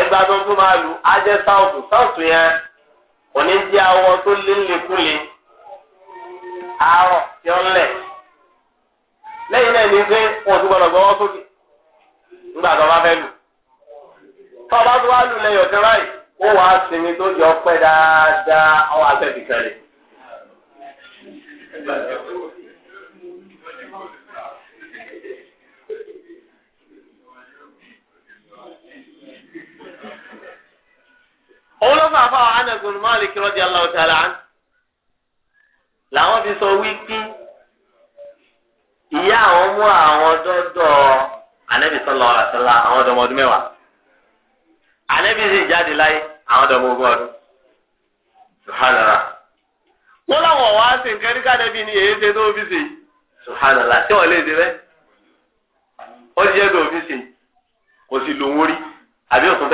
ẹgbàá tó tún máa lu ajẹ́ sáùtù sáùtù yẹn òní jẹ́ awọ tó lélekúle àárọ̀ tí ó lẹ̀ lẹ́yìn náà ní pé tún gbọ́wọ́ sókè nígbà tó bá fẹ́ lù tó bá lù lẹ́yìn báyìí ó wàá sinmi tó dáadáa ọwọ́ òun ló fà fà Anas bin Malik radiyallahu ta'ala anhu làwọn fi sọ wípé ìyá àwọn mú àwọn dọ́dọ̀ Ànábì sallallahu alaihi wasallam àwọn ọdọmọ ọdún mẹ́wàá Ànábì sì jáde láyé àwọn ọdọmọ ogún ọdún subhanallah wọn làwọn wá sí nǹkan ní kàdébí ni èyí ṣe tó fi ṣe tí wọn lè ṣe bẹ́ẹ̀ ó ti jẹ́ tó kò sí lòun rí àbí òtún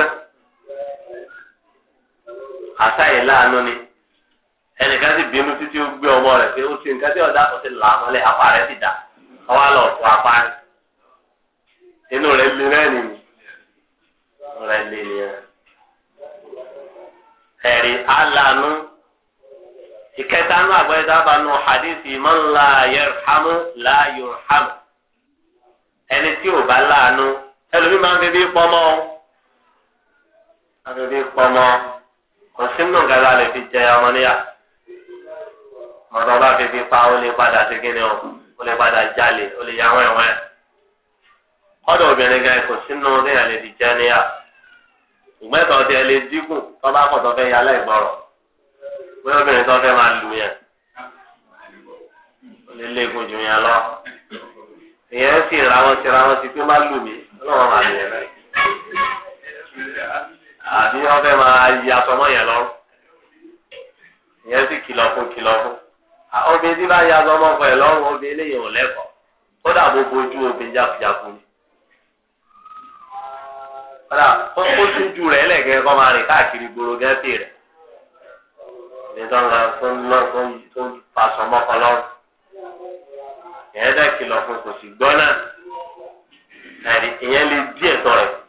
àṣà yẹn anu ni ẹnìkan sì bínú títí ó gbé ọmọ rẹ̀ pé ó ti nǹkan tí ọ̀dà kò ti là á mọ́lẹ̀ ti dà ọwọ́ lọ fún apá rẹ̀ inú mi rẹ̀ nìyí rẹ̀ mi yẹn ẹ̀rí aláàánú ìkẹta hadithi man la yarhamu la yurhamu ẹni tí ò la láàánú ẹlòmíì máa ń fi bí pọ́nmọ́ ń fi kò sínú gàdá lè fi jẹ ọmọ níyà fi fi pa ó lè padà sí kíni o ó lè padà jalè ó lè yàwọ̀ ẹ̀wọ̀n ẹ̀ ọ̀dọ̀ obìnrin gan kò sínú níyà lè fi jẹ ìgbẹ́tọ̀ lè dínkù tó bá fẹ́ ìgbọ̀rọ̀ pé obìnrin fẹ́ máa lù yẹn ó lè ra wọn ra wọn sí pé má lù mí máa lù yẹn àti wọn fẹ́ máa yí asọmọ yẹn lọ́rùn ìyẹn sì kìlọ̀ fún kìlọ̀ fún obìnrin tí bá yí asọmọ fún ẹ lọ́rùn obìnrin eléyìí ò lẹ́kọ̀ọ́ kódà bó bojú obìnrin jákujáku ni kódà ó tún ju rẹ̀ lẹ́gẹ̀ẹ́ kọ́ máa rìn káàkiri gbòòrò gẹ́sì rẹ̀ nítorí fún lọ fún fasọmọ kan lọ́rùn ìyẹn dẹ́ kìlọ̀ fún kò sì gbọ́ náà ìyẹn lè díẹ̀ tọ́ rẹ̀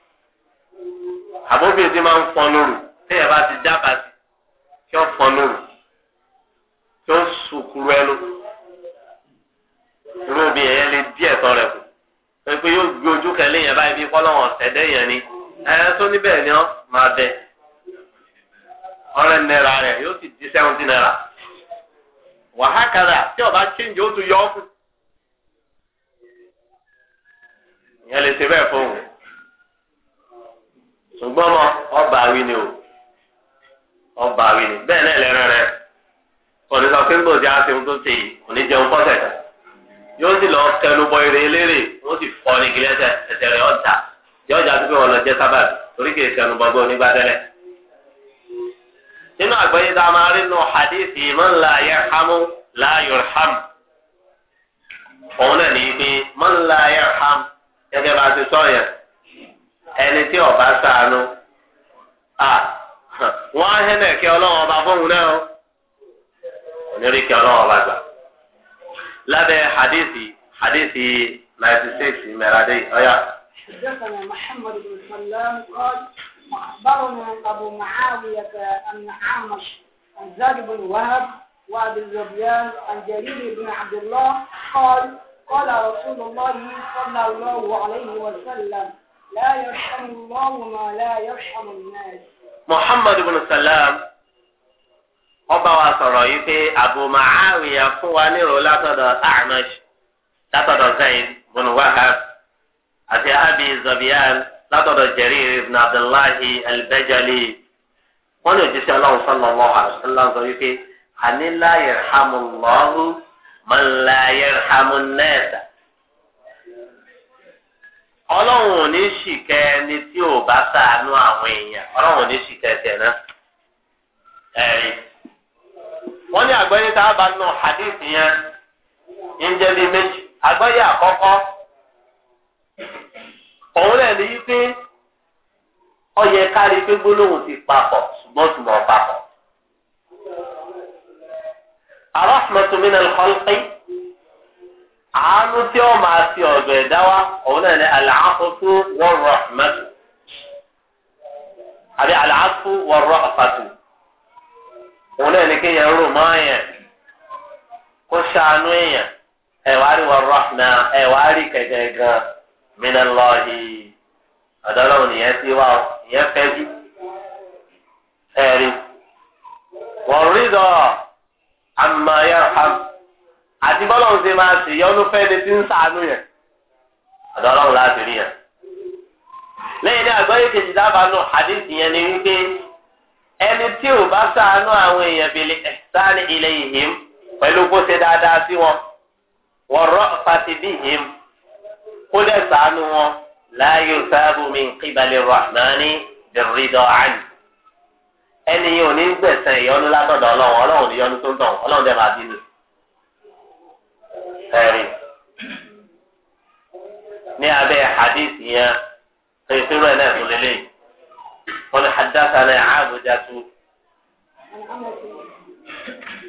àbóbìnrin ti máa ń fọn lóru téèyàn bá ti dábàá sí kí wọ́n fọn lóru kí wọ́n sùkúrú ẹnu irú obìnrin yẹn lè dí ẹ̀tọ́ rẹ̀ kù pé pé yóò gbé ojú kan léèyàn báyìí bí kọ́lọ́wọ̀n ọ̀sẹ̀dẹ̀ yẹn ni ẹ̀ tó níbẹ̀ ni wọ́n máa bẹ ọ̀rẹ́ náírà rẹ̀ yóò sì di seventy náírà wàhákàrà tí ọba chíǹjì ó tún yọ ọ́ fún ìyẹn lè ṣe bẹ́ẹ̀ fóun ṣùgbọ́n mọ ọba àwí ni o ọba àwí ni bẹ́ẹ̀ náà lẹ́rìn rẹ kọ̀ọ̀dé sọ pé ń gbòdì àti ohun tó ṣe yìí kò ní jẹun kọ́sẹ̀ kan yóò sì lọ kẹnu bọ eré eléré wọ́n sì fọ́ ní kílẹ̀ ẹsẹ̀ ẹsẹ̀ rẹ̀ ọ̀tà yóò jà sí pé wọ́n lọ jẹ́ sábàbí torí kì í kẹnu bọ́ gbọ́ nígbà tẹ́lẹ̀. nínú àgbáyé tá a máa rí nù hadith man la yarhamu la yurham òun náà ní pé man la yarham gẹ́gẹ́ bá a ti sọ yẹn ẹni tí ọba sànù wọn á hẹ́nẹ̀ kí ọlọ́run ọba fóun náà onírí kí ọlọ́run ọba gbà lábẹ́ hadithi hadithi ninety six mẹ́radé ọ̀yà. حدثنا محمد بن سلام قال أخبرنا أبو معاوية أن عامش عن زاد بن وهب وأبي الزبيان عن جرير بن عبد الله قال قال رسول الله صلى الله عليه وسلم لا يرحم الله محمد بن سلام ọba wa sọ̀rọ̀ yìí pé Abu Muawiya fún wa nírò látọ̀dọ̀ A'mash látọ̀dọ̀ Zayd bin Wahab àti Abi Zabiyan látọ̀dọ̀ Jarir ibn Abdullahi al-Bajali wọ́n lè jíṣẹ́ ọlọ́run sallallahu alaihi wasallam sọ wípé àní la yarhamullahu man la ọlọ́run ò ní ẹni tí ò bá ṣàánú àwọn èèyàn ọlọ́run ò ní náà wọ́n ní àgbáyé tá a bá nù hadith yẹn ń jẹ́ bíi méjì àgbáyé àkọ́kọ́ òun lè ní pé kárí papọ̀ ṣùgbọ́n papọ̀. àánú tí ó máa fi ọ̀dọ̀ ẹ̀dá wa òun náà ni àlàáfóso wọ́n mẹ́tò àbí àlàáfó wọ́n rọ òun náà ni kéèyàn rò mọ́ kó ṣàánú na ẹ̀wárí kẹ̀kẹ́ gan mìíràn lọ́ọ̀hì ọ̀dọ́ ya ti wá ọ ìyẹn fẹ́ bí ẹ̀rí àti bọ́lọ́run ṣe máa sì yọnu fẹ́ni tí ń sàánú yẹn ọ̀dọ̀ ọlọ́run láti rí yẹn. lẹ́yìn náà àgbọ́yé kejì dábàá nù hadith yẹn ni wípé ẹni tí ò bá sàánú àwọn èèyàn bèlè ẹ̀sán ilẹ̀ ìhìm pẹ̀lú kó ṣe dáadáa sí wọn wọ̀rọ̀ fàtìbí ìhìm kó dẹ̀ sàánú wọn láàyò sáàbù mi kíbalẹ̀ rahmani dèrìdọ̀ àní. ẹni yìí ò ní gbẹ̀sẹ̀ ìyọnu látọ̀dọ̀ ọlọ́run ọlọ́run ìyọnu tó ń tàn ọlọ́run dẹ̀ máa bínú ẹ̀rí ní abẹ́ hadith yẹn ṣèṣirò ẹ̀ náà tó lélẹ̀ wọn ni hadassah náà àbújá tó.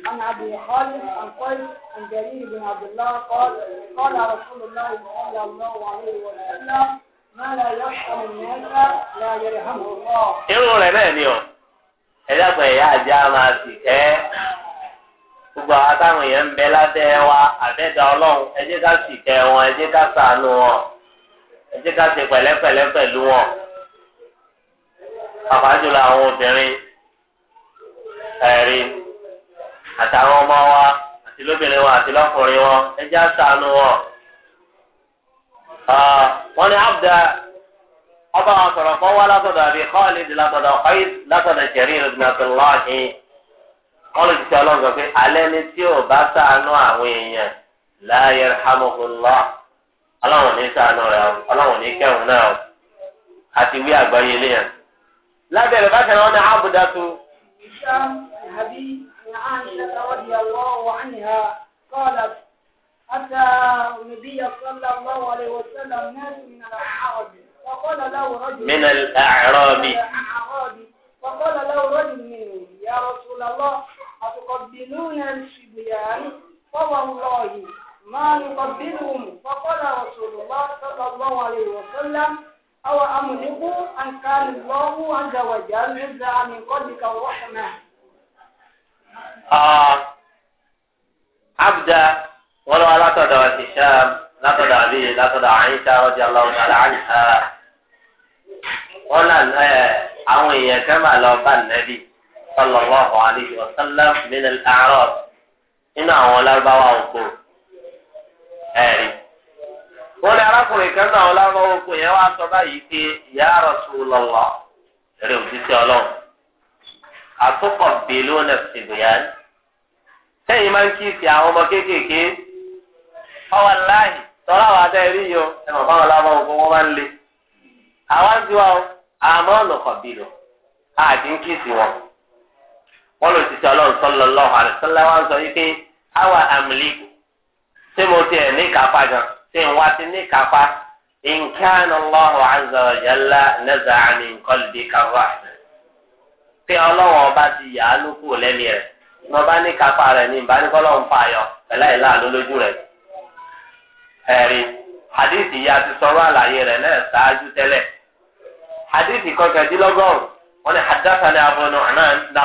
عن ابي خالد عن قيس عن جرير بن عبد الله قال قال رسول الله صلى الله عليه وسلم ما لا يرحم الناس لا يرحمه الله. irun rẹ̀ náà ni ọ ẹ dàgbà ẹ̀yà ajá máa sì kẹ́ gbogbo àwọn àtàwọn èèyàn ń bẹ wa ká sì wọn ká wọn ká wọn. àwọn obìnrin àtàwọn ọmọ wa àti lóbìnrin wa àti wọn wọn. ní abdá ọba àwọn sọ̀rọ̀ wá látọ̀dọ̀ àbí kọ́ọ̀lì látọ̀dọ̀ wọn lè ti sọ ọlọ́run sọ pé alẹ́ ni tí ò bá ṣàánú àwọn èèyàn la yarhamuhullah ọlọ́run ní ṣàánú rẹ̀ ọlọ́run ní kẹ́hùn náà àti wí àgbáyé eléyàn. lábẹ́rẹ́ bá tẹ̀lé wọn ní àbùdátù. ìṣàm àbí عائشة رضي الله عنها قالت أتى النبي صلى الله عليه وسلم ناس من الأعراب فقال له رجل من الأعراب فقال له رجل منهم يا رسول الله أتقبلون الصبيان فوالله ما نقبلهم فقال رسول الله صلى الله عليه وسلم أو أملك أن كان الله عز وجل نزع من قلبك الرحمة آه عبدا ولو لا تدع الهشام لا تدع به لا تدع عائشة رضي الله تعالى عنها ولا àwọn èèyàn kan máa lọ bá nàbì sallallahu alayhi wa sallam min al-a'rab nínú àwọn lárúbáwá oko ẹ̀rí. wọ́n ní arákùnrin kan náà àwọn oko yẹn wá sọ báyìí pé ya Rasulullah rẹ̀ òṣìṣẹ́ ọlọ́run àtúkọ̀ bèlú nẹ̀fẹ̀ bìyàn. sẹ́yìn máa ń kí ìsì àwọn ọmọ kéékèèké ọwọ́ láàyè tọ́lá wa dá ẹrí yọ ẹ̀mọ̀ báwọn oko wọn le. àwọn ti wá o àmọ́ ọ̀nà kọ̀ wọn lò sọ yìí pé mo ní kápá gan n wá ní kápá nǹkan ọba ti yà á rẹ̀ ní ọba ní kápá rẹ̀ ní lójú rẹ̀ hadithi yìí a ti sọ̀rọ̀ àlàyé rẹ̀ náà ṣáájú tẹ́lẹ̀ hadithi ún wọn ni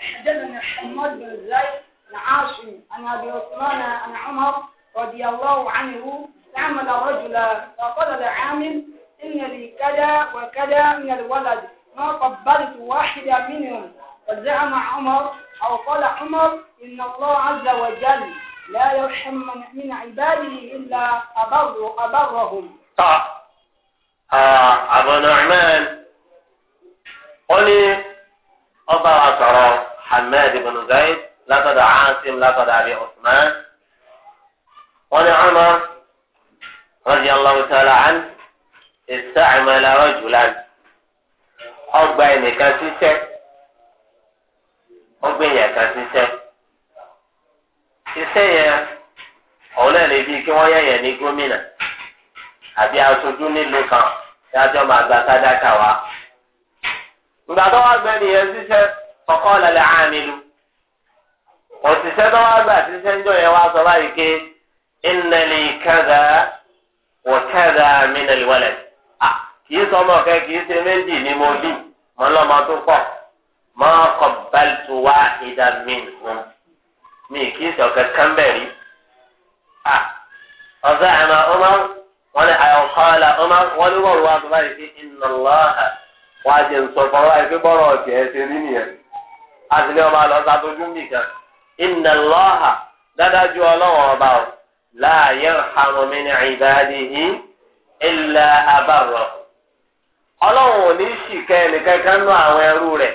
حدثنا حماد بن زيد العاصمي عن ابي عثمان عن عمر رضي الله عنه استعمل رجلا فقال لعامل ان لي كذا وكذا من الولد ما قبلت واحدة منهم وزعم عمر او قال عمر ان الله عز وجل لا يرحم من, من عباده الا أبر ابرهم. طبعا. آه ابو نعمان قل ọba wa sọ̀rọ̀ Hamad ibn Zayd látọ̀dọ̀ Asim látọ̀dọ̀ Abi Usman wọn ni Umar radiyallahu ta'ala an ista'mala rajulan ọgbà ẹnìkan ṣiṣẹ́ ọgbà ẹnìyàn kan ṣiṣẹ́ ṣiṣẹ́ yẹn ọ̀hún náà lè bí kí wọ́n yẹ̀yẹ̀ ní gómìnà àbí aṣojú nílùú kan yájọ́ máa sádàkà wa ìgbà tó wá gbẹ nìyẹn ṣiṣẹ́ ọkọ lẹlẹ àmìlú òṣìṣẹ́ tó wá gbà ṣiṣẹ́ ńjọ yẹn wá sọ báyìí ké ìnnẹlẹ kẹgà wọ kẹgà mínẹlẹ wọlẹ à kì í sọmọ kẹ kì í ṣe méjì ni mo bí mo lọmọ tó pọ̀ mọ kọbẹlìtù wá ìdá mi nìkan mi kì sọ kankan bẹ́ẹ̀ rí à ọ̀sẹ̀ àmà ọmọ wọn ni àyọkọ́ la ọmọ wọn ni wọ́n wá sọ báyìí ké ìnnàlọ́hà wọ́n á jẹ nsọ̀fọ̀ wọ́n á fi bọ́rọ̀ ọ̀jẹ̀ ẹsẹ̀ rí nìyẹn. a sì ní ọmọ àlọ́ sàtójú mì kan inna Allaha dádájú ọlọ́wọ́n ọba o la yarhamu min ibadihi illa abarra. ọlọ́wọ́n ò ní sì kẹ́ ẹnìkankan nú àwọn ẹrú rẹ̀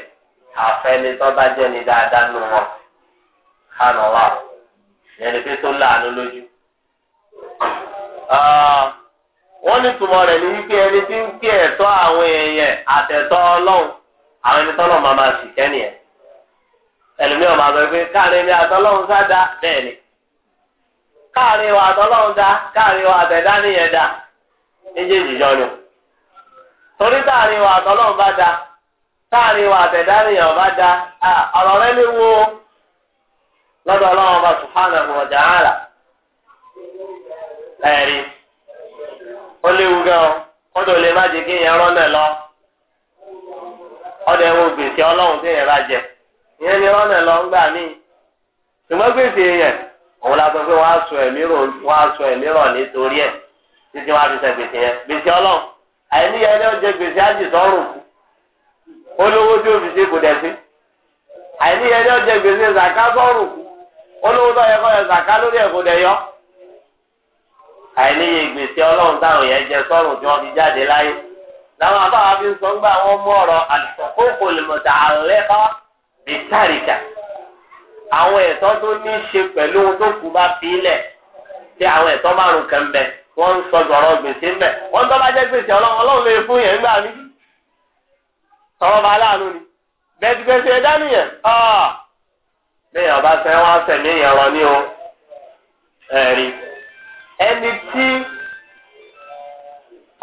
àfẹ́ni tó bá jẹ́ ni dáadáa nù wọn. kánú wa yẹn pé tó láàánú lójú. Ah. wọ́n ní tùmọ̀ rẹ̀ ní wípé ẹni tí ń gbé ẹ̀tọ́ àwọn èèyàn àtẹ̀tọ́ ọlọ́run àwọn ẹni tọ́lọ̀ máa máa ṣìkẹ́ nìyẹn ẹlòmíràn máa sọ pé káàrin mi àtọ́lọ́run sá bẹ́ẹ̀ ni káàrin wa àtọ́lọ́run káàrin wa àtẹ̀dá nìyẹn ni torí káàrin wa àtọ́lọ́run bá káàrin wa àtẹ̀dá nìyẹn bá ọ̀rọ̀ rẹ lọ́dọ̀ ọlọ́run bá ó léwu gan o kódà lè má jẹ kéèyàn lọ ọdọ ẹ̀wọ̀n gbèsè ọlọ́run téèyàn bá jẹ ìyẹn ni rọ́nà lọ ń gbà mí ṣùgbọ́n gbèsè yẹn òun la sọ pé wọ́n á sọ ẹ̀mí rọ̀ wọ́n á sọ ẹ̀mí nítorí ẹ̀ títí wọ́n á fi sẹ gbèsè yẹn gbèsè ọlọ́run gbèsè tí ṣe kò dẹ̀ sí gbèsè zàká àìníye gbèsè ọlọ́run táwọn yẹn jẹ sọ́run tí wọ́n fi jáde láyé làwọn abáwa fi ń sọ ńgbà wọn mú ọ̀rọ̀ àlùkòkò lèmọ̀tà àlẹ́kọ́ bí tàríkà àwọn ẹ̀tọ́ tó ní ṣe pẹ̀lú ohun tó kù bá fi ilẹ̀ tí àwọn ẹ̀tọ́ sọ gbọ̀rọ̀ gbèsè ń wọ́n tó bá jẹ́ gbèsè ọlọ́run lè fún yẹn ni bẹ́ẹ̀ gbèsè ọ̀ lẹ́yìn ọba ìyẹn ní o ẹni tí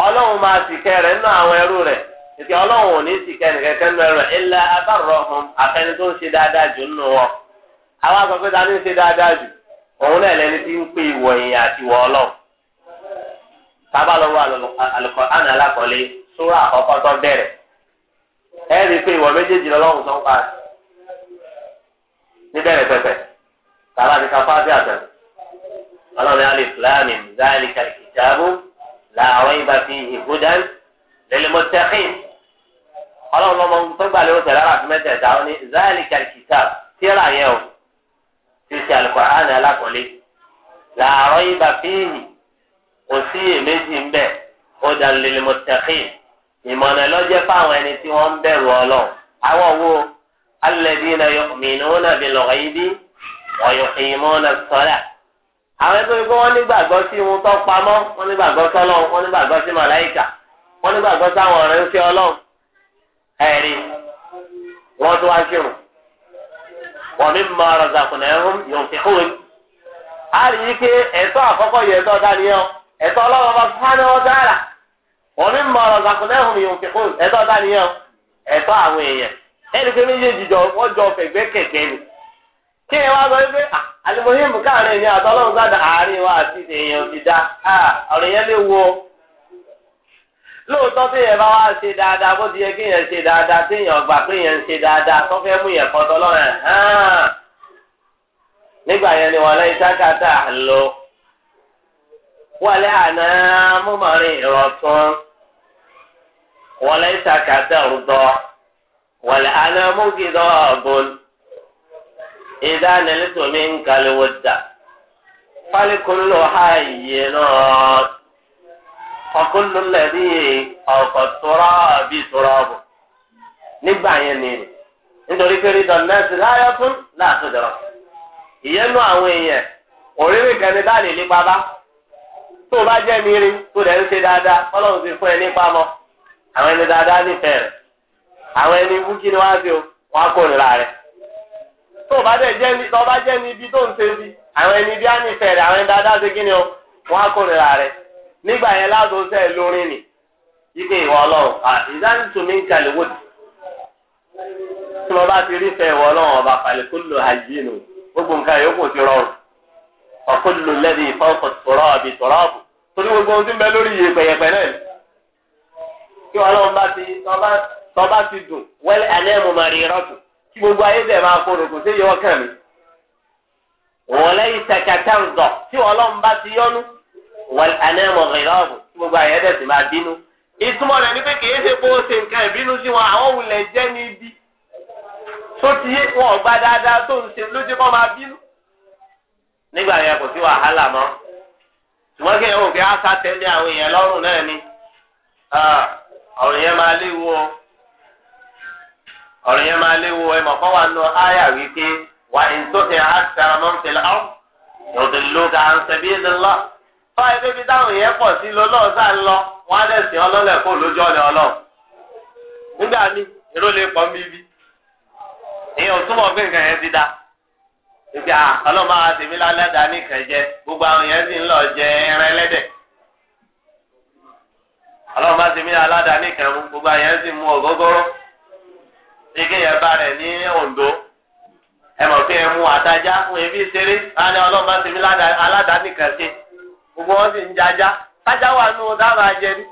ọlọ́run máa sìkẹ́ rẹ̀ nínú àwọn ẹrú rẹ̀ ìpè ọlọ́run ò ní sìkẹ́ nìkẹ́kẹ́ nínú ẹrú rẹ̀ ilẹ̀ abárọ̀ ọ̀hún afẹ́ni tó ń ṣe dáadáa jù nínú wọn àwọn akọ̀pẹ́ ta ní ń ṣe dáadáa jù òun náà lẹni tí ń pè ìwọ̀ ìyìn àti ọlọ́run lọ́wọ́ àlùkò àná tó bẹ̀rẹ̀ ẹ pé méjèèjì lọ́wọ́ pa níbẹ̀rẹ̀ ti ọlọ́run yà lè fúlàmì záàlì kàkìtàbù làwọn ìgbà fi ìhúdàn lẹ́lẹ́mọ̀tẹ́kìn ọlọ́run lọ́mọ gbẹ́gbà lérò tẹ̀lé ara fún mẹ́tẹ̀ẹ̀ta ó ní záàlì kàkìtàbù tíra yẹn o ti ṣe àlùkòrán alákọ̀ọ́lé làwọn ìgbà fi kò sí èméjì ń bẹ̀ ó dàn lẹ́lẹ́mọ̀tẹ́kìn ìmọ̀nà lọ́jẹ́ fáwọn ẹni tí wọ́n ń bẹ̀rù ọlọ́run àwọn wo alladhina yu'minuna bil ghaibi àwọn ẹgbẹ́ wípé wọ́n nígbàgbọ́ sí ohun tó wọ́n nígbàgbọ́ wọ́n nígbàgbọ́ sí wọ́n nígbàgbọ́ ọ̀rẹ́ ọlọ́run mọ ọ̀rọ̀ zàkùnà ẹ̀hún yóò fi kúwe. a rí i pé ẹ̀tọ́ àkọ́kọ́ yẹ ẹ̀tọ́ dáníyàn ẹ̀tọ́ ọlọ́run wọn dára wọ́n mi mọ kí ni wọ́n sọ wípé àlùmọ́yìnbó ah, káàrin ìní àtọ́lọ́run gbàdá àárín wa àti èèyàn ti dá ọ̀rọ̀ yẹn lè wo lóòótọ́ tí yẹn bá wá ṣe dáadáa bó ti yẹ kí yẹn ṣe dáadáa tí yẹn gbà pé yẹn ń ṣe dáadáa tó fẹ́ mú yẹn nígbà yẹn ni sákàtà lọ wọlé àná ìrọ̀tún wọlé sákàtà wọlé إذا نلت منك الود فلكل حينات فكل الذي فوق التراب تراب nígbà ni nítorí pé rídọ̀ nẹ́ẹ̀sì láyọ̀ tún dọ̀rọ̀ ìyẹnu àwọn èèyàn kan ní nípa bá tó bá jẹ́ tó dẹ̀ ń ṣe dáadáa ọlọ́run ti fún ẹ nípa mọ́ àwọn ẹni dáadáa nífẹ̀ẹ́ rẹ̀ àwọn ẹni ni o tó bá dẹ̀ jẹ́ ní tó bá jẹ́ ní ibi tó ń ṣe bí àwọn ẹni bí á nífẹ̀ẹ́ rẹ̀ àwọn ẹni dáadáa ṣe o wọ́n á kórìíra rẹ̀ nígbà yẹn láàdó sẹ́ lórin nì ipe ìwọ ọlọ́run ìdánitù mi ń tí bá ti rí ìwọ ọba kó lò gbogbo nǹkan ti rọrùn lò àbí torí gbogbo ohun ń bẹ tí gbogbo ayé ma máa kó rògbò sí yọ ọkàn mi. wọn lẹ́yìn tẹ̀kẹ̀tẹ̀ ń zọ̀ tí ọlọ́run bá ti yọ́nu wọn ànẹ́mọ̀ rìlọ́ọ̀bù tí gbogbo ayé dẹ̀ sì máa bínú. ìtumọ̀ rẹ̀ ni pé kì í ṣe o ṣe nǹkan ìbínú sí wọn àwọn wulẹ̀ jẹ́ ní ibi. tó ti yé wọn dáadáa tó ń ṣe lójú kọ́ máa bínú. wàhálà mọ́. ṣùgbọ́n kí ọ̀rọ̀ yẹn máa léwu ẹ mọ̀ fọwọ́ àánú ayà wípé wà ìtòkè àtàràmọ́tẹ̀lá ọ̀ yọ̀dọ̀ lóga à ń sẹ́bí ńlá. fáyé bébí táwọn yẹn pọ̀ sí lọ́lọ́ọ̀ sá si lọ mí èrò da. gbogbo gbogbo ogogoro. igi yẹn bá rẹ̀ ní Ondo ẹ mọ̀ pé ẹ àtajá fún ebi ṣeré láàrin ọlọ́mọ tèmi aládàáni kan ṣe gbogbo wọn sì ń tájá wà nù jẹ ní.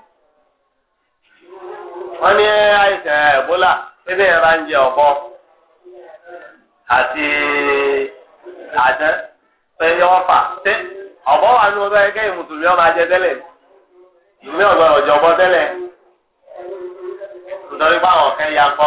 wọ́n ní àìsàn ẹ̀bólà pépé yẹn bá ń jẹ ọ̀pọ̀ àti àdán pé yọ wà nù ìmùtùmí ọmọ ajẹ ìmí nítorí pé àwọn ya kọ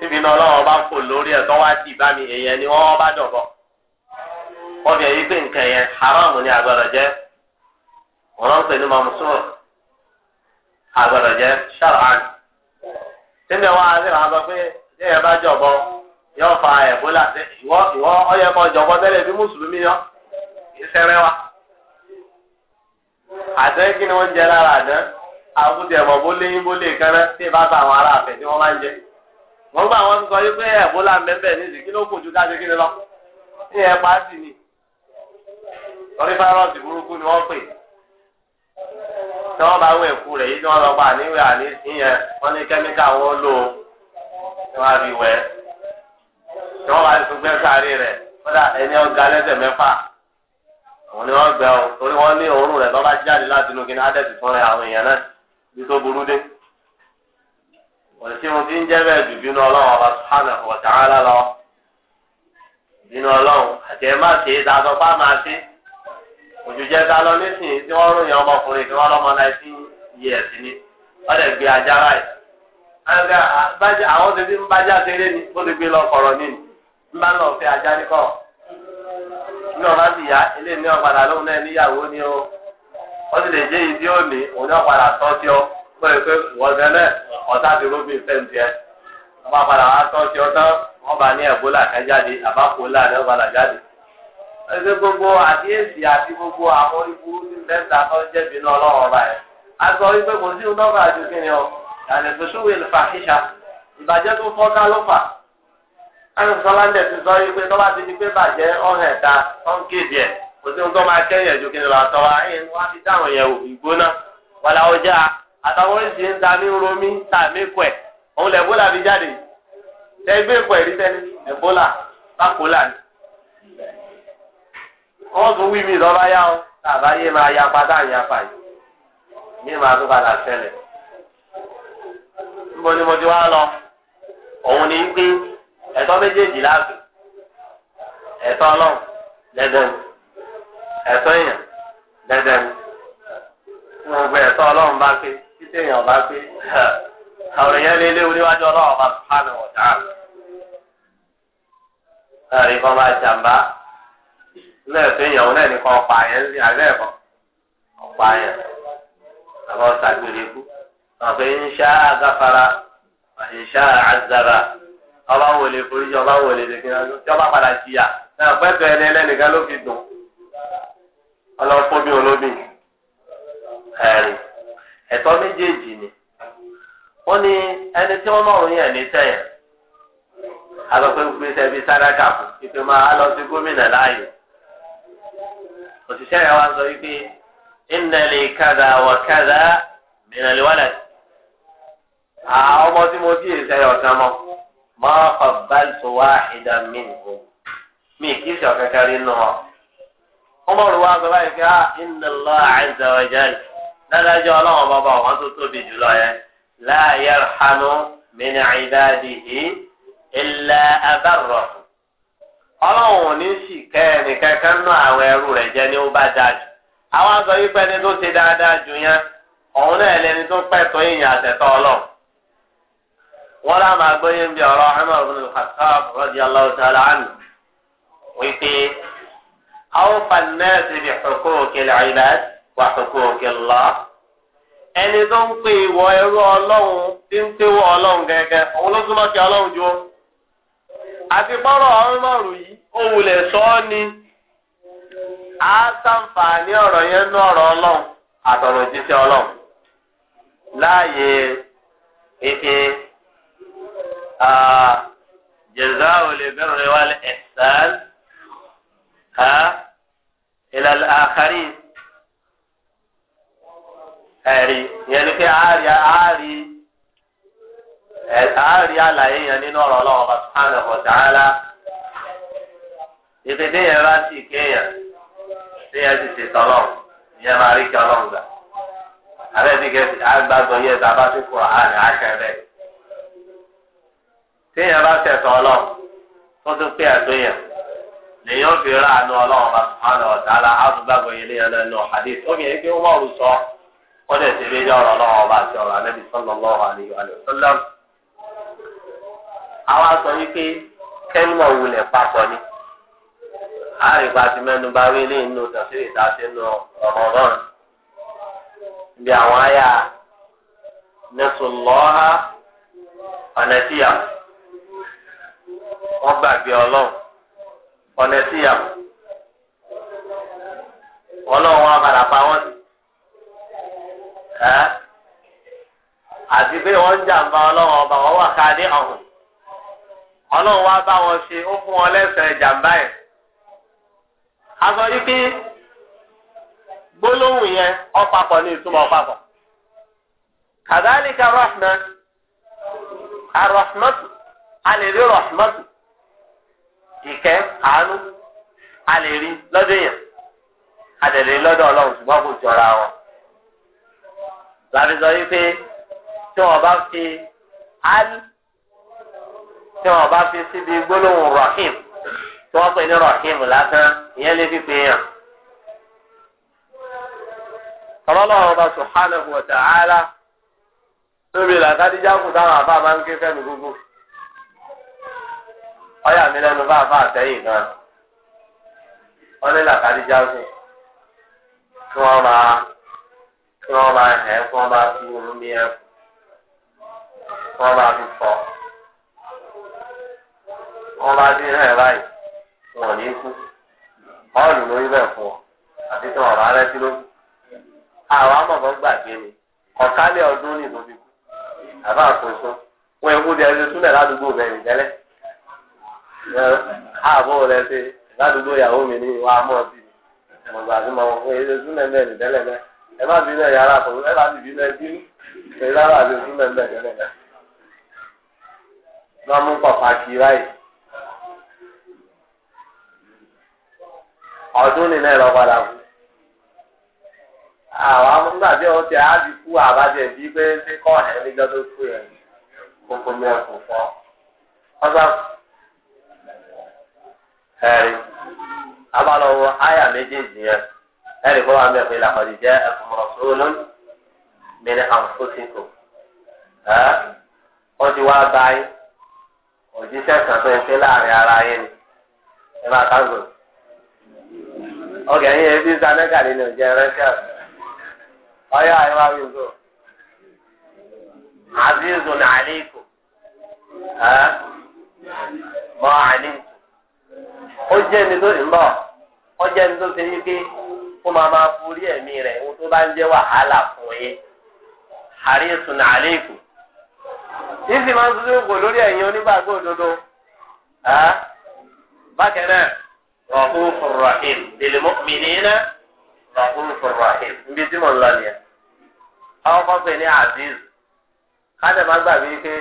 síbi náà ọlọ́wọ́ bá kò lórí ẹ̀ tó wá sí ìbá mi èèyàn ni wọ́n bá dọ̀bọ̀ wọ́n fi èyí pé nǹkan yẹn haram ni àgbàdo jẹ́ wọ́n lọ́n pè ní àgbàdo jẹ́ ṣàlàn síbẹ̀ wọ́n á rí àgbà pé ṣé ẹ bá jọ̀bọ̀ yóò fa ẹ̀bólà sí ìwọ ìwọ ọyẹ kan jọ̀bọ̀ tẹ́lẹ̀ bí mùsùlùmí yọ ìṣẹ́rẹ́ wa àtẹ́ kí ni wọ́n jẹ lára àdán àbújẹ̀mọ̀ bó léyìn bó lè kẹ́rẹ́ tí ì wọ́n gbà wọ́n sọ yí pé ẹ̀bólà mẹ́fẹ̀ẹ́ ní ìsìn kí ló kù ju dájú kí ni lọ ní ẹ̀ pàṣẹ ni torí fáírọ́ọ̀sì burúkú ni wọ́n pè tí wọ́n bá wọ ẹ̀kú rẹ̀ yìí tí wọ́n lọ pa àníwẹ̀ àní ìyẹn wọ́n ní kẹ́míkà wọn lò ó tí wọ́n á fi wẹ̀ tí wọ́n bá tún gbẹ́ sáré rẹ̀ kódà ẹni ọ̀gá lẹ́sẹ̀ mẹ́fà òun ni wọ́n gbẹ o torí wọ́n ní òórùn rẹ̀ bọ́ bá jáde láti inú kí ni á fún rẹ̀ àwọn èèyàn náà bí tó burú dé. òsì wọn ti ń jẹ́ bínú ọlọ́run ọba subhanahu lọ bínú ọlọ́run àti ẹ̀ ṣe é dáadọ́ bá máa ṣe ta lọ nísìnyí tí wọ́n ròyìn ọmọkùnrin wọ́n lọ́mọ náà sí iye ẹ̀sìn ni wọ́n lè ti ń bájá ni ó ti gbé lọ kọ̀rọ̀ nínú ńlá náà fẹ́ ajá ní kọ̀rọ̀ ní ọba ti yá eléyìí ní ọ̀padà lóhùn náà níyàwó ni wọ́n yẹ pé wọ́ọ̀gán náà ọ̀tá ti rúbí fẹ́ǹtì ẹ̀ wọ́n bá padà wá tán ti ọtán wọ́n bá ní ẹ̀bólà kan jáde àbá kólà ní ọ̀bàlà jáde. ẹgbẹ́ gbogbo àdíyèsí àti gbogbo àwọn oríburú ní mẹ́ta tó ń jẹ́bi náà ọlọ́run ọba ẹ̀. a sọ wípé kò sí nọ́ọ̀bà ju kí ni ọ yàrá ìfẹsùwé ìfà kíṣà ìbàjẹ́ tó fọ́ ká ló fà. alùsọ́láńdẹ̀ ti sọ wípé tọ́ba ti di pé bàjẹ́ ọ̀hẹ̀ ta tó ń kéde ẹ̀ kò sí nǹkan máa kẹ́yìn ẹ̀jú kí ni lọ́tọ́ àtàwọn oríṣi ń da mí romi tàmí kọ ẹ òun lẹ bólà fi jáde ẹgbẹ́ ìkọ ẹ̀rí sẹ́ni ẹ̀bólà bákólà ni. wọ́n tún wí mi lọ́ba yá o tàbá yé máa ya pátá àyàn apá yìí yé máa tó padà ṣẹlẹ̀. níbo ni mo ti wá lọ òun ni pé ẹ̀tọ́ méjèèjì láàbù ẹ̀tọ́ ọlọ́run dẹ́dẹ́nu ẹ̀tọ́ èèyàn dẹ́dẹ́nu. mo gbẹ ẹ̀tọ́ ọlọ́run bá pé. títí èèyàn bá gbé àwọn èèyàn lé léwu níwájú ọlọ́run bá ọ̀dà bá jàmbá lẹ́ẹ̀fẹ́ èèyàn kan ọ̀pá yẹn ọ̀pá yẹn kú àgáfara àzàrà ọba wòlé tí ọba padà jìyà ẹni ẹlẹ́nìkan ló fi dùn ọlọ́fọ́bí olóbì ẹ̀tọ́ méjèèjì ni wọ́n ní ẹni tí wọn lọ́rùn yẹn ní sẹ́yìn agbẹ́pẹ́ gbé sẹ́bi sádàkà fún pípé máa lọ sí gómìnà láàyè òṣìṣẹ́ yẹn wá sọ wípé ìnnẹ̀lẹ̀ kàdà kàdà àwọn ọmọ tí mo bíyè sẹ́yìn ọ̀sán mọ́ máa fà báyìí wá ìdá mi nìkan mi kì í ṣe nù ọ́ mọ̀ rú wá báyìí ah, dádájọ́ ọlọ́run bàbá wọn tó tóbi jùlọ yẹn la yarhamu min ibadihi illa abarra ọlọ́run ò ní sì kẹ́ẹ̀ni kankan náà àwọn ẹrú rẹ̀ jẹ́ ní ó bá dáa jù àwọn sọ wípé ẹni tó ṣe dáadáa jù yẹn òun náà lẹni tó pẹ̀tọ́ èèyàn àtẹ̀tọ́ ọlọ́run wọn lá máa gbóyè ń bí ọ̀rọ̀ Umar ibn al-Khattab radiyallahu ta'ala wípé àwọn fanáàsì bi huquqil ibad wà kókó òkè lọ. ẹni tó ń pè ìwọ ẹrú ọlọ́run tí ń pèwọ ọlọ́run gẹ́gẹ́ òun ló súnmọ́ kí ọlọ́run jó. àti bọ́rọ̀ ọlọ́run yìí ó sọ ọ́ ni á sàǹfààní ọ̀rọ̀ yẹn ní ọ̀rọ̀ ọlọ́run àtọ̀rọ̀ jíṣẹ́ ọlọ́run láàyè ètè ẹ̀rí ìyẹn ni pé àárí àárí àárí àlàyé yẹn nínú ọ̀rọ̀ ọlọ́wọ́ bá sùpánù ọ̀tá ńlá ìpèdè yẹn bá sì kéèyàn téèyàn sì ṣe tọ́lọ̀ ìyẹn máa rí kí ọlọ́run gbà abẹ́ bí kẹ́sì àgbàgbọ́ ya tá a bá ti kọ̀ àárín àkẹ́rẹ́ téèyàn bá tẹ̀sán ọlọ́run tó tún pé ẹ̀tọ́ yẹn lèyàn fi ráàánú bá àtúgbàgbọ́ yẹn wọ́n dẹ̀ ti rí ọ̀rọ̀ ọlọ́wọ́ ọba àti ọ̀rọ̀ alẹ́bí sallallahu alaihi wa sallam. àwọn aṣọ yìí pé kẹ́límọ̀ wulẹ̀ papọ̀ ni. àríwá ti mẹ́nu bá rí ilé inú tàfíì ìdáṣẹ́ nu Ramadan. ibi àwọn àyà nẹ́sùlọ́há ọ̀nẹ́tíyà wọ́n gbàgbé ọlọ́run ọ̀nẹ́tíyà ọlọ́run wa padà pa wọ́n àti pé wọ́n ń jàǹbá ọlọ́run ọba wọ́n wà ká ní ọ̀hún ọlọ́run wá bá wọn ṣe ó fún wọn lẹ́sẹ̀ jàǹbá yẹn. a sọ pé gbólóhùn yẹn ọ̀pápọ̀ ní ìtumọ̀ ọ̀pápọ̀. kàdálíkà rahman arahmatu a lè rí rahmatu ìkẹ́ àánú a lè rí lọ́dọ̀ yẹn a lè rí lọ́dọ̀ ọlọ́run ṣùgbọ́n kò jọra wọn. láti sọ wípé tí wọ́n bá fi al tí wọ́n bá fi síbi gbólóhùn rahim tí wọ́n pè ní rahim lásán ìyẹn lè fi pè é hàn. ọlọ́lọ́wọ́ bá subhanahu wa ta'ala lórí làkàdíjà kù táwọn àfa máa ń ké fẹ́mi gbogbo ọyà mi lẹ́nu bá àfa àtẹ́yìn gan wọ́n ní làkàdíjà kù kí wọ́n máa tí wọ́n bá hẹ́ kí wọ́n bá fi omi bí ẹ kí wọ́n bá fi fọ́ wọ́n bá dín hẹ́ báyìí wọn ò ní kú ọ́ọ̀lù lórí bẹ́ẹ̀ fún ọ àti tí wọn bá rẹ́ sí lójú àwọn amọ̀gbọ́n gbàgbé ni ọ̀kálẹ̀ ọdún ní ìlú bíbú àbá àkóso wọn èkó di ẹni súnlẹ̀ ládùúgbò bẹ́ẹ̀ nìjẹ́lẹ̀ ààbò rẹ ṣe ládùúgbò ìyàwó mi ní wàá mọ̀ sí i mọ̀gbà tí mo fún ẹni súnlẹ̀ bẹ́ẹ̀ nìjẹ́lẹ̀ bẹ́ẹ̀ ẹ má bínú ẹ̀yà ara kò ẹ má bínú ẹ bínú ẹ̀yà ara àti ìfún mẹ́mẹ́ yẹn lọ mú pàtàkì báyìí. ọdún nínú ẹ̀rọ padà kú. àwọn amúgbàdé ọ̀hún ti kú àbájẹ bíi pé ṣé kọ́ ọ̀hẹ́ níjọ́ tó kú yẹn kókó ní ẹ̀kọ́ fọ́. ọ̀sán ẹ̀rí abalọ̀wọ̀ àyà méjèèjì yẹn. ẹ̀rí kọ́ wa ń bẹ̀ pé làkọ́dí jẹ́ ẹ̀kúnmọ̀rọ̀ sóòlù mẹ́rin àǹfóṣìkò ẹ̀ wọ́n ti wá báyìí òjíṣẹ́ kan tó láàrin ara yẹn ni ẹ máa káńgò ọkẹ́ yẹn ebi sanẹ́kà nínú ìjẹ́ rẹ́kẹ́ ọyọ́ ẹ máa wí nǹkan àzízù ní àlíkù ẹ mọ àlíkù ó jẹ́ ní tó ń bọ̀ ó jẹ́ ní tó ṣe yí pé. kó máa máa forí ẹ̀mí rẹ̀ ohun tó bá ń jẹ́ wàhálà fún yín àríyèsùn náà àléèkù. ìsì máa ń tuntun kò lórí ẹ̀yin onígbàgbọ́ òdodo bákan náà rọ̀hún fọ̀rọ̀hìn lèlèmọ́ mìíràn rọ̀hún fọ̀rọ̀hìn níbi ń lọ nìyẹn. àwọn kan ní aziz gbàgbé pé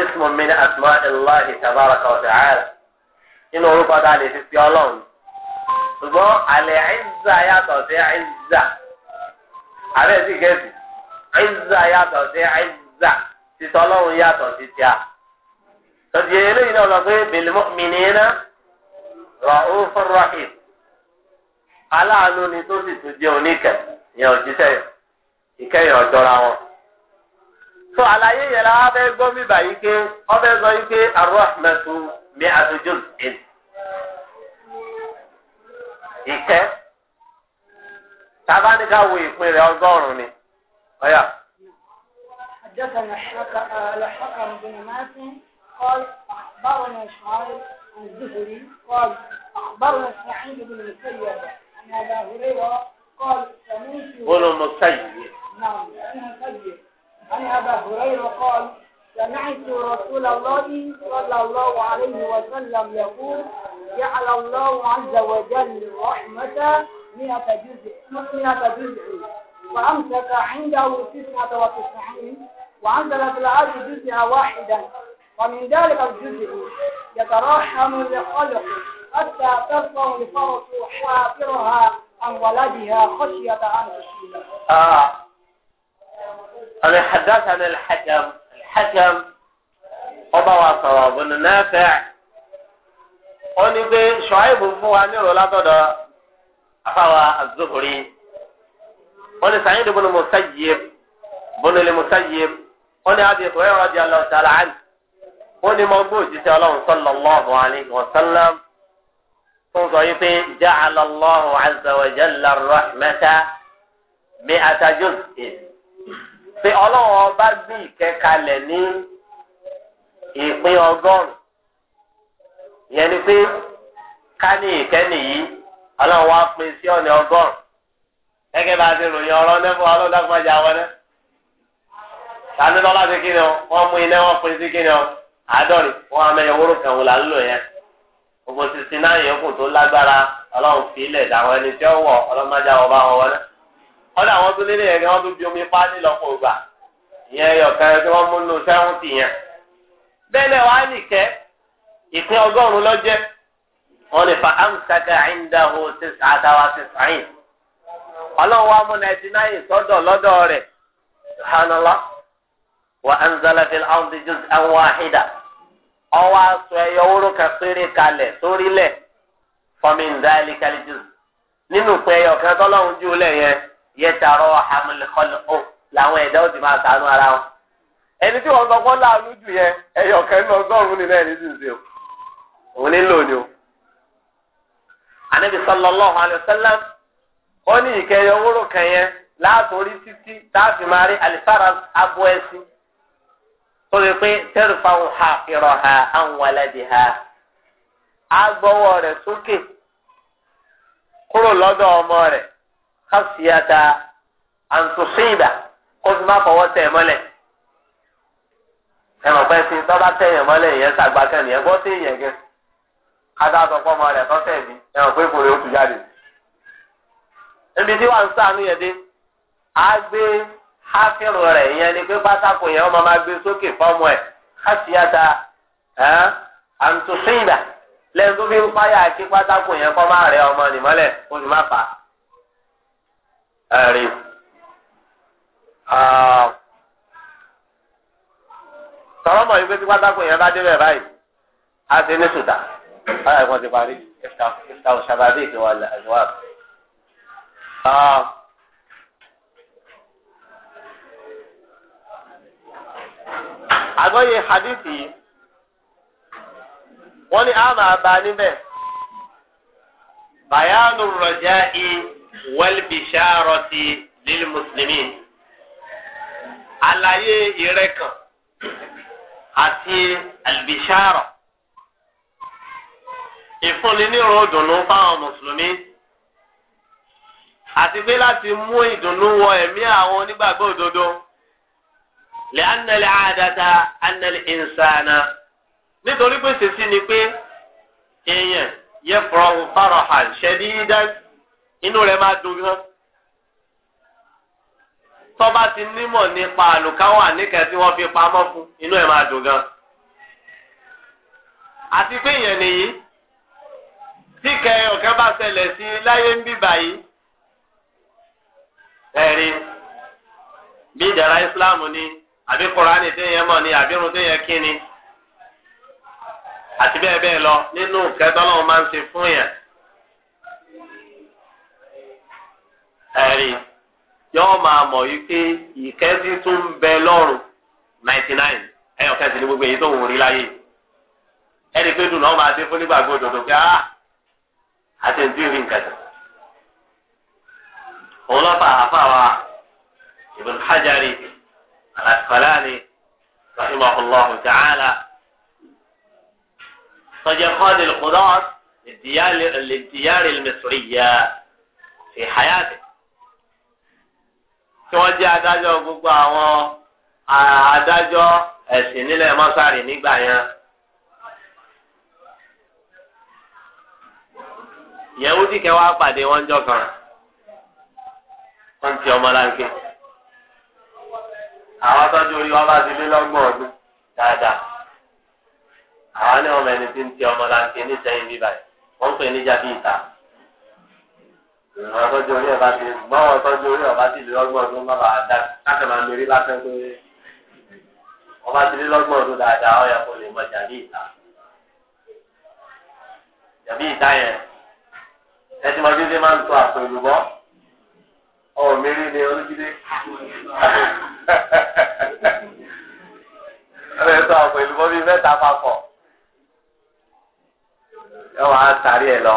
ismu mini asma tabaraka nínú orúkọ tá a lè fi pe ọlọ́run ṣùgbọ́n àlẹ́ ẹ̀ẹ́zà yàtọ̀ sí ẹ̀ẹ́zà àbẹ́ sì gẹ̀ẹ́sì ẹ̀ẹ́zà yàtọ̀ sí ẹ̀ẹ́zà títọ́ ọlọ́run yàtọ̀ sí tíá tọ́jú eléyìí náà lọ pé bèlímọ́ mìnínà rọ̀ ó fọ́nrọ́ ẹ̀ aláàánú ni tó sì tún jẹ́ oníkẹ̀ ìyẹn òjíṣẹ́ ìkẹyìn ọ̀dọ́ra wọn. tó àlàyé yẹn la wá fẹ́ gbọ́ bíbà yìí pé ọ sọ yìí pé àrùn àfúnẹ́tù. مئة جزء ìkẹ́ tábánikà كاوي ìpín rẹ̀ ọgọ́rùn-ún ni الحق حدثنا آه، الحكم بن ماسن قال أخبرنا شعيب الزهري قال أخبرنا سعيد بن مسيب أن أبا هريرة قال سمعت بن مسيب نعم أنا مسيب أن أبا هريرة قال سمعت رسول الله صلى الله عليه وسلم يقول جعل الله عز وجل رحمة مئة جزء مئة جزء فأمسك عنده تسعة وتسعين وأنزل في الأرض جزءا واحدا ومن ذلك الجزء يتراحم لخلقه حتى ترفع الفرس حافرها عن ولدها خشية أن تصيبه. آه. أنا حدثنا الحجم. Hakam ọba wa sọ̀rọ̀ ọ̀bùnú náà fẹ́. ó ní pé ṣọ́ọ́ìbù fún wa ní ìrọ̀lá tọ̀dọ̀ afáwa az-Zuhri. ó ní Sa'id ibn Musayyib ibn al-Musayyib ó ní Abi Hurairah radiyallahu ta'ala anhu. ó ní mo gbọ́ òjíṣẹ́ ọlọ́run sallallahu alayhi wa sallam. tó ń sọ yìí pé ọlọ́run ọba gbé ìkẹ́kalẹ̀ ní ìpín ọgọ́rùn-ún ìyẹn ni pé ká ní ìkẹ́ nìyí ọlọ́run wá pín sí ọ̀nà ọgọ́rùn-ún gẹ́gẹ́ bá a ti ròyìn ọ̀rọ̀ nẹ́fọ̀ wọlé tani lọ́la ti kíni o wọ́n mú iná wọ́n pín sí kíni wọ́n amẹ́yẹ wóró kan wò yẹn gbogbo sisi náà tó lágbára ọlọ́run fi ilẹ̀ ọ̀dọ̀ àwọn tó nílé ẹ̀rẹ́ wọn tó omi pa nílọ́pọ̀ ọgbà ìyẹn ẹ̀yọ̀kan tí wọ́n mú nù sẹ́wọ́ntì yẹn. bẹ́ẹ̀ náà wàá nìkẹ́ ìpín ọgọ́rùn-ún lọ́jẹ́ wọn lè fa amsaka indahu tis'ata wa tis'in. ọlọ́run wa mú náà ti náyè sọ́dọ̀ lọ́dọ̀ rẹ̀ wa anzala ọwọ́ aṣọ ẹ̀yọ péré kalẹ̀ sórílẹ̀ nínú pé tọ́lọ́run jù yẹtarọ hamilkọlọ làwọn ẹ̀dá ó máa sànú ara wọn. ẹni tí wọn sọ fún láàánú jù yẹn ẹyọ kẹrin ọgọ́rùn ni bẹ́ẹ̀ o òun nílò ni o. anabi dị alayhi wa ó ní ìkẹyọ wúrò kan látòrí títí táàfin máa rí alifara abo ẹsìn tó lè pé ha ha àwọn ha sókè kúrò lọdọ ọmọ káfíàtà àǹtòsíìbà kó fi má fọwọ́ tẹ̀ mọ́lẹ̀ ẹnì pẹ́ sí tọ́ba tẹ̀yàn mọ́lẹ̀ ìyẹn sàgbà kan nìyẹn bọ́ sí ìyẹn gẹ́ kátà sọ fọmọ rẹ̀ tọ́tẹ̀ bí ẹnì pé kò lè oṣù jáde. gbé ni pé pátákó yẹn ọmọ máa gbé sókè fọ́mọ ẹ̀ káfíàtà àǹtòsíìbà lẹ́nu tó kí pátákó ọmọ ẹ̀rí sọ̀rọ̀ mọ̀ wípé tí pátákó yẹn bá débẹ̀ báyìí á ti ní sùdà báyà kan ti parí ìta òṣàbàdì ìdíwọ̀ àjọwà. àgọ́yé hadith yìí wọ́n ní àmà àbá níbẹ̀ bàyánù rọ̀jà yìí wal-bisharati lil-muslimin àlàyé ìrẹ́kàn àti al-bishara ìfúnni ní ìrò ìdùnnú fáwọn mùsùlùmí àti pé láti mú ìdùnnú wọ ẹ̀mí àwọn onígbàgbọ́ òdodo lẹ́ánà lẹ́ àdáta ànà lẹ́ ìnsànà nítorí pé ni pé èèyàn yẹ fọ̀rọ̀ fọ̀rọ̀ hàn ṣẹ́dí inú rẹ̀ máa dùn gan tọ́ba ti nímọ̀ nípa àlùkáwà níkẹ́ tí wọ́n fi pamọ́ fún inú ẹ̀ máa dùn gan àti pé èèyàn nìyí tí kẹrin ọ̀kan bá ṣẹlẹ̀ sí láyé ń bì báyìí ẹ̀rí bí ìdára ìsìláàmù ni àbí kùránì téèyàn mọ̀ ni àbí irun téèyàn kí ni àti bẹ́ẹ̀ bẹ́ẹ̀ lọ nínú kẹtọ́lọ́hún máa ń ṣe fún yàn. ọkùnrin yóò máa mọ̀ yí pé ìkẹ́sí tún ń bẹ lọ́rùn ninety nine ẹ̀yọ̀ kẹsì ní gbogbo èyí tó wù rí láyé ẹni pé dùnà ọmọ adé fún nígbàgbọ́ òdòdó pé á ah, àti ntí rí nǹkan òun lọ́fà àfàwà Ibn Hajari Al-Asqalani ta'ala sọjẹ kọ́ọ̀dì lùkùdọ́ọ̀t lìdíyàrì lìmisirìyà fi hayati tí wọ́n jẹ́ adájọ́ gbogbo àwọn adájọ́ ẹ̀sìn nílẹ̀ mọ́sárì nígbà yẹn. Yẹ̀wúdì kẹwàá pàdé wọn jọ kan wọ́n ti ọmọ láńké àwọn tọ́jú orí wọn bá ti lé lọ́gbọ̀n ọdún dáadáa àwọn ní ọmọ ẹni tí ń ti ọmọ láńké nísẹ́yìn bíbáyìí wọ́n pè níjà bí ìta ìrànwọ́ tọ́jú orí ọba ti gbọ́n tọ́jú orí ọba ti lé lọ́gbọ̀n ọdún bàbá àdá káṣẹ́ máa mérí lásán pé ọba ti lé lọ́gbọ̀n ọdún dáadáa ọ̀yà kò lè mọ jàbí ìta jàbí ìta yẹn ẹtì máa gbé dé máa ń tó àpò ìlúbọ ọ̀rọ̀ mérí ni olùdílé ọ̀rẹ́ tó àpò ìlúbọ bíi mẹ́ta papọ̀ ẹ wàá tàrí ẹ lọ.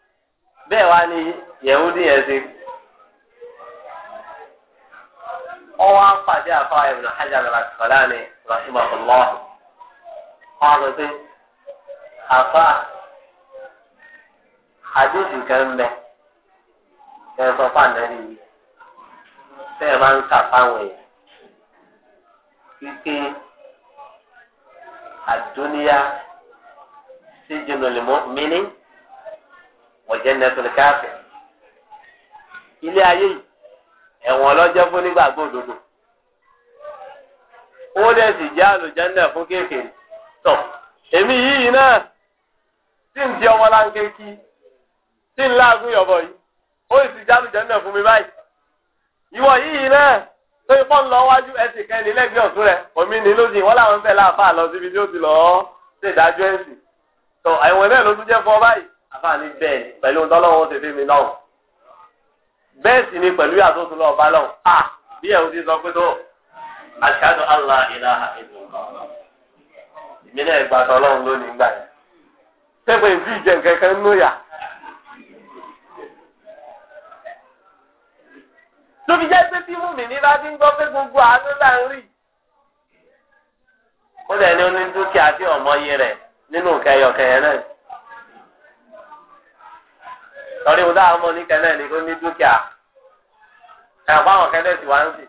bẹ́ẹ̀ wá ní yẹ̀wúdí yẹn ṣe ọwọ́ apàdé àfáà ibn Hajar al-Asqalani rahimahullah wọ́n sọ pé àfáà àdéhùn kan bẹ kẹ́ sọ fún yìí bẹ́ẹ̀ máa ń kà fáwọn àdúnyá wọ̀jẹ̀ nẹ́tọ̀lì káfẹ́ ilé ayé yìí ẹ̀wọ̀n ọlọ́jọ́ fún nígbàgbọ́ òdodo ó dẹ̀ sì já àlùjànnà fún kéékèèrè tọ̀ èmi yìí náà tí ń di ọmọ láńké kí tí ń láàgùn yọ̀bọ̀ yìí ó sì já àlùjànnà fún mi báyìí ìwọ yìí náà tó ipọ́ ń lọ wájú ẹsìn kẹ́ni lẹ́gbẹ̀ẹ́ ọ̀tún rẹ̀ omi ní lójì wọ́n làwọn ń bẹ̀ láàfáà lọ síbi tí ó ti lọ́ọ́ ṣèdájọ́ ẹ̀sìn tọ̀ àìwọ̀n náà ló tún jẹ́ fún ọ báyìí àfààní bẹ́ẹ̀ ni pẹ̀lú tọ́lọ́wọ́ ti fi mi lọ́hùn bẹ́ẹ̀ sì ni pẹ̀lú yàtọ̀ tó lọ́ọ́ bá lọ́hùn à bí ẹ̀rù ti sọ pé tó ashhadu alla ilaha illallah èmi náà gba tọ́lọ́hùn lónìí gbà yẹn sẹ́gbẹ̀ ìdí ìjẹ kẹ̀kẹ́ ń lóyà. tóbi jẹ́ pé tí mùmí ní bá ti ń gbọ́ pé gbogbo àánú là ń rí. ó dẹ̀ ní oní dúkìá tí ọmọ rẹ̀ nínú kẹyọkẹyẹ náà sọrí wò dáhùn mọ́ ní kẹ́lẹ́ ní kó ní dúkìá ẹ̀kọ́ àwọn kẹ́lẹ́ sì wá ń sì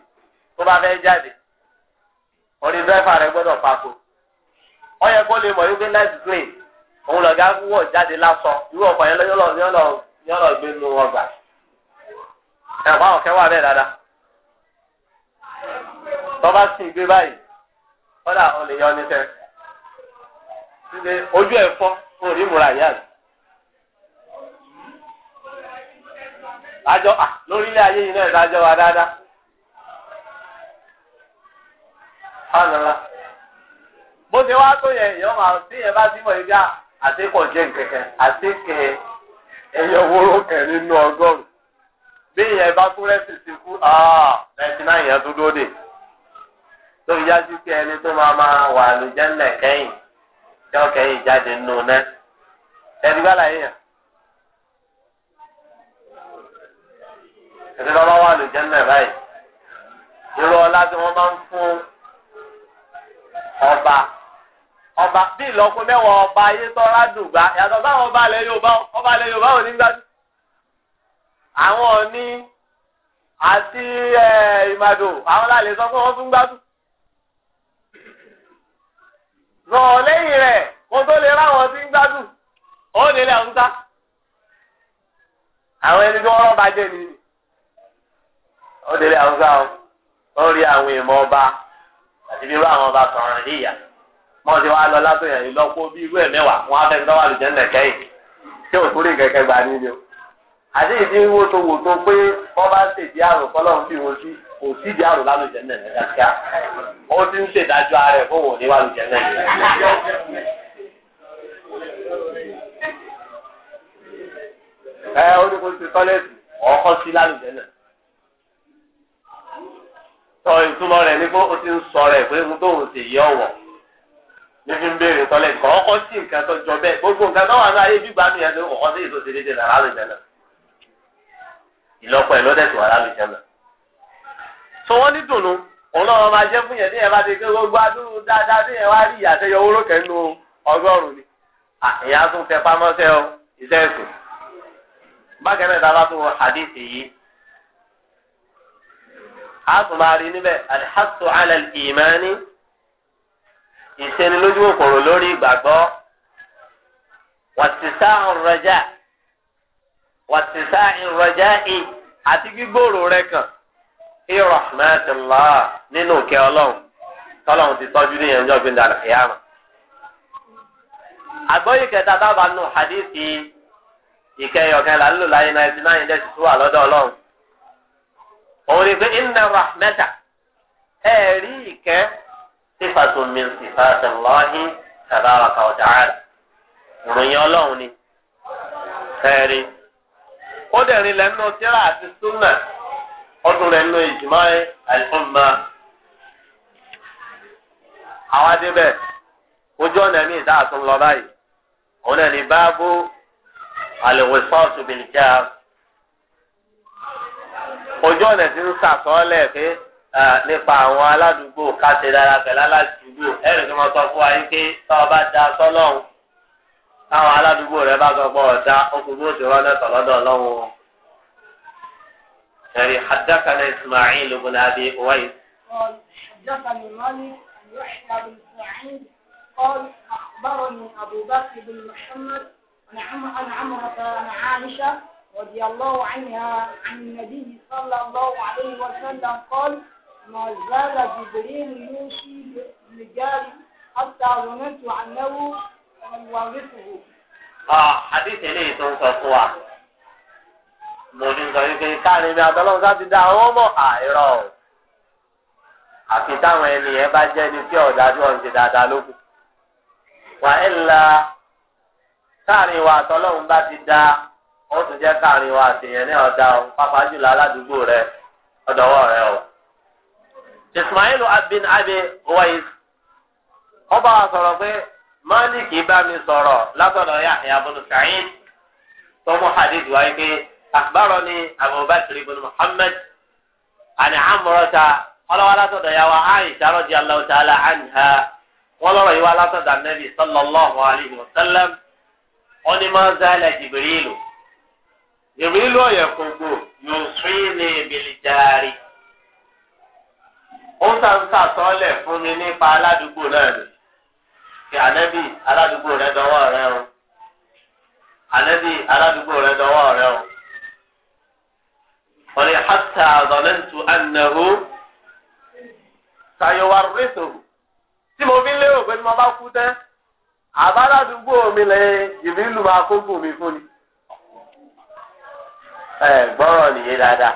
tó bá fẹ́ jáde orí dẹ́fà rẹ gbọ́dọ̀ pako ó kó lè mọ̀ yóò gbé nice green òun lọ̀gá wọ̀ jáde lásọ irú ọkọ̀ yẹn lọ́yọ́ lọ́ọ́ gbé nu ọgbà ẹ̀kọ́ àwọn kẹ́wà bẹ́ẹ̀ dáadáa tọ́ba sì gbé báyìí kọ́dà ó lè yọ ní sẹ́ ojú ẹ̀ fọ́ òun rí múra lájọ́ ah, lórílẹ̀ ayé yìí náà lájọ́ wa dáadáa. Fáànàlá. Bó ṣe wá tó yẹ èèyàn máa tí yẹn bá símọ̀ ìgbà ah, àtẹ́kọ̀ jẹ́ nkẹ̀kẹ́ àtẹ́kẹ́ ẹ̀yẹ wóró nínú ọgọ́rùn-ún. Bí ìyẹn bá kú rẹ́sì ti kú ah, ninety nine yẹn tó ẹni tó máa máa wà kẹ́yìn ọkẹ́yìn jáde náà. láyé yẹn. ẹsẹ lọba wà lù jẹnẹ báyìí irú ọlá tí wọn bá ń fún ọba ọba bí ìlọkùn mẹwàá ọba ayé tọ́ra dùgbà yàtọ̀ sáwọn ọba alẹ́ Yorùbá ọba alẹ́ Yorùbá ò ní gbádùn àwọn ọ̀ní àti ìmàdò àwọn làlẹ́ sọ pé wọ́n tún gbádùn lọ lẹ́yìn rẹ̀ kó tó lè ráwọn tí ń gbádùn ó nílẹ̀ ọ̀hún sá àwọn ẹni tí wọ́n rọ́ bàjẹ́ nìyí ó délé haúsá ó rí àwọn ìmọ̀ ọba àti bí irú àwọn ọba sọ̀rọ̀ níyà wọ́n ti wá lọ látòyàn yìí lọ́pọ̀ bí irú ẹ̀ mẹ́wàá wọ́n á fẹ́ fi dọ́wà lùjẹ́ ńlẹ̀ kẹ́yìn tí ò kúrò kẹ̀kẹ́ gbà nílé o. àti ìdí wo tó wò tó pé wọ́n bá ń ṣèdí àrùn kọ́lọ́run bí wọ́n sí kò sí ìdí àrùn lálùjẹ́ ńlẹ̀ kíákíá ó ti ń ṣèdájọ́ ara ẹ̀ fóun ò ní wà lùjẹ́ ńlẹ̀ ẹ ó ní kó ti tọ́lẹ̀tì ọkọ̀ sí lálùjẹ́ náà. sọ ìtumọ̀ rẹ̀ ní pé o ti ń sọ rẹ̀ pé ohun tóun ṣe yẹ ní fi ń béèrè tọ́lẹ̀ nǹkan ọkọ sí nǹkan tó jọ bẹ́ẹ̀ gbogbo nǹkan tó wà ní ayé gbígbà mi yẹn ló kọ̀kọ́ sí èso náà tó wà náà. sọ ní dùnú máa fún yẹn ní ti gbogbo adúrú dáadáa ní rí owó lókè ni. ìyá tún a tún máa rí níbẹ̀ alḥassu ala ìmánì ìṣenilójú òkòrò lórí ìgbàgbọ́ wàtísá ìrọjà wàtísá ìrọjà ì àti gbígbòòrò rẹ kàn irahmatillah nínú ìkẹ́ ọlọ́run tọ́lọ́run ti tọ́jú ní ìyẹn ọjọ́ gbẹ̀ndà àlùkìyàmù. àgbọ̀yìn kẹta dábàá nù hadithi ìkẹyọ̀kẹ́ là ń náà ẹ̀sìn náà yẹn dẹ́sì tó wà lọ́dọ̀ ọlọ́run òun ni pé inna rahmata ẹ rí ìkẹ́ sífàtò min sífàtò lọ́hìn tabaraka wa ta'ala ìròyìn ọlọ́run ni ẹ̀rí ó dẹ̀ rin lẹ́nu tíra àti súnà ọdún lẹ́nu ìjùmọ̀ àìsùnmọ́ àwọn adébẹ̀ ojú ọ̀nà mi ìdá báyìí òun náà ní báàbò àlèwòsàn ọ̀tún bìlìjà ojú ọ̀nà tí ń sàtọ́lẹ̀ pé nípa àwọn aládùúgbò káṣe dára pẹ̀lú aládùúgbò tí wọ́n sọ fún wa yín pé tá ọ da sọ́lọ́hún táwọn aládùúgbò rẹ bá sọ pé ọ̀dà okùn bó ti rọ́nà tọ̀lọ́dọ̀ lọ́wọ́ o. ẹ̀rì حدثنا إسماعيل بن أبي أويس. قال حدثني مالك عن رضي الله عنها عن النبي صلى الله عليه وسلم قال ما زال جبريل يوصي بجاري حتى ظننت أنه يورثه. آه حديث لي تنصصوا mo ní sọ yìí pé káàrin mi àtọ́lọ́run sá ti dá àwọn ọmọ àìrọ̀ o àfi táwọn ènìyàn bá jẹ́ ní tí ọ̀dà tí wọ́n ń dáadáa lókù. wà á ń la káàrin wa àtọ́lọ́run bá ti dá wọ́n tún jẹ́ káàrin wa àtìyàn ní ọ̀dà o pápá jùlọ aládùúgbò rẹ ọ̀dọ̀wọ́ rẹ o. Ismail abin abi wais ọba wa sọ̀rọ̀ pé Málìkì bá mi sọ̀rọ̀ látọ̀dọ̀ Yahya ibn Sa'id tó mú hadith wáyé pé akhbarani Abubakar ibn Muhammad àni Amrata ọlọ́wọ́ látọ̀dọ̀ ya wa Aisha radiyallahu ta'ala anha wọ́n lọ́rọ̀ yìí wá látọ̀dọ̀ Ànábì sallallahu alayhi wa sallam wọ́n ní máa ń zálẹ̀ Jibrilu ìrìlú ọ̀yẹ̀kùngbò yóò sún ní ìbìlìjàre. ó ń sàǹsà sọ́lẹ̀ fún mi nípa aládùúgbò náà ni kí ànẹ́bí aládùúgbò rẹ dọwọ́ rẹ o ànẹ́bí aládùúgbò rẹ dọwọ́ rẹ o. wọ́n ní hàtà zọ̀lẹ́ntù ànàhó sàyẹ̀wò tí mo fi lérò pé mo bá kú tẹ́ àbá aládùúgbò mi lẹ́yìn ìrìlú àkókò mi fún ni. ẹ gbọ́rọ̀ nìyẹn dáadáa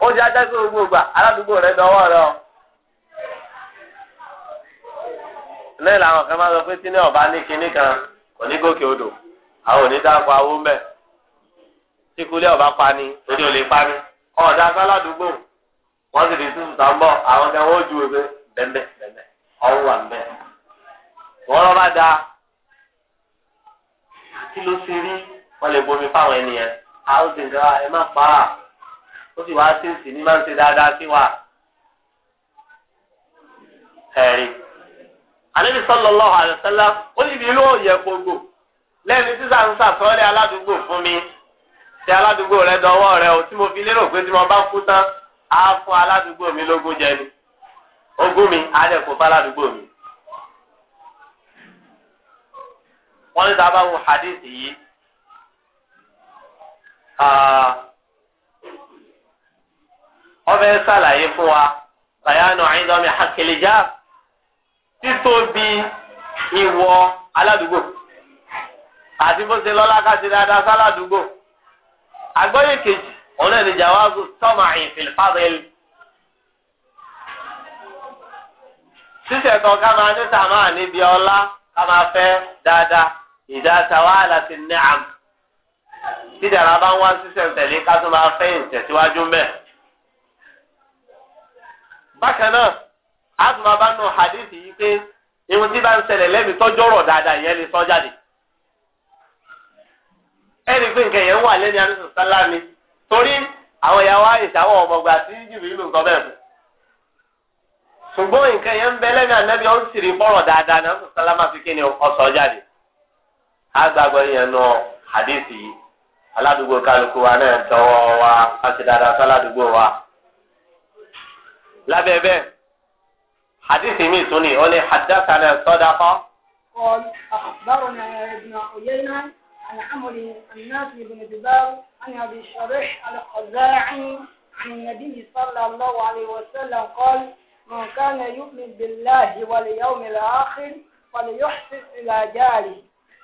ó ti ajá sí gbogbo ìgbà aládùúgbò rẹ dọwọ́ rẹ o. lẹ́yìn làwọn kan máa sọ pé tí ní ọba ní kinní kan kò ní gòkè odò àwọn ò ní dáko awó ń ọba pa ni torí ò lè pa ni ọ̀dà sáládùúgbò wọ́n sì di sísun tá bọ̀ àwọn kan wọ́n ju ewé bẹ́ẹ̀ ọ̀hún wà wọ́n lọ́ bá da kí ló àrùbìn ẹ má pa á ó sì wáá sí ìsìn ní máa ń ṣe dáadáa sí wa. ẹ̀rí ànábì sallallahu alaihi wasallam ó sì fi lóò yẹ gbogbo lẹ́ni sísà ń fún mi ṣe aládùúgbò rẹ dọwọ́ rẹ o tí mo fi lérò pé tí mo bá kú tán á fún aládùúgbò mi lógún jẹ ni ogún mi á dẹ̀ kó fáládùúgbò mi. wọ́n ní hadith yìí. Ah, ọbẹ̀ sàlàyé fún wa bayanu ayédọ́mi hakilija títóbi ìwọ aládùúgbò àti bó ṣe lọ́lá ká dáadáa sáládùúgbò àgbọ́yé kejì òun náà ní jawaabu tọ́mà sísẹ̀tọ̀ ká máa ní sàmáà níbi ọlá ká máa fẹ́ dáadáa ìdá tàwa ní àmì. tíjàrá bá ń wá sísẹ̀ tẹ̀lé ká tó máa fẹ́ ìtẹ̀síwájú mẹ́. bákan náà a bá nù hadith yìí pé irun tí bá ń ṣẹlẹ̀ lẹ́mìí tọ́jọ́ rọ̀ dáadáa ìyẹn lè sọ jáde. ẹnì pé nǹkan yẹn wà lẹ́ni torí àwọn ìyàwó àwọn bẹ́ẹ̀ ṣùgbọ́n nǹkan yẹn ń bẹ sì rí bọ́rọ̀ dáadáa ní aládùúgbò kálukú wa náà tọwọ́ wa láti dáadáa sọ aládùúgbò wa. lábẹ́ bẹ́ẹ̀ hadith mi tún ni ó ní haddathana sadaqa. قال أخبرنا ابن عيينة عن عمر الناصر بن جبار عن أبي شريح الخزاعي عن النبي صلى الله عليه وسلم قال من كان يؤمن بالله واليوم الآخر فليحسن إلى جاره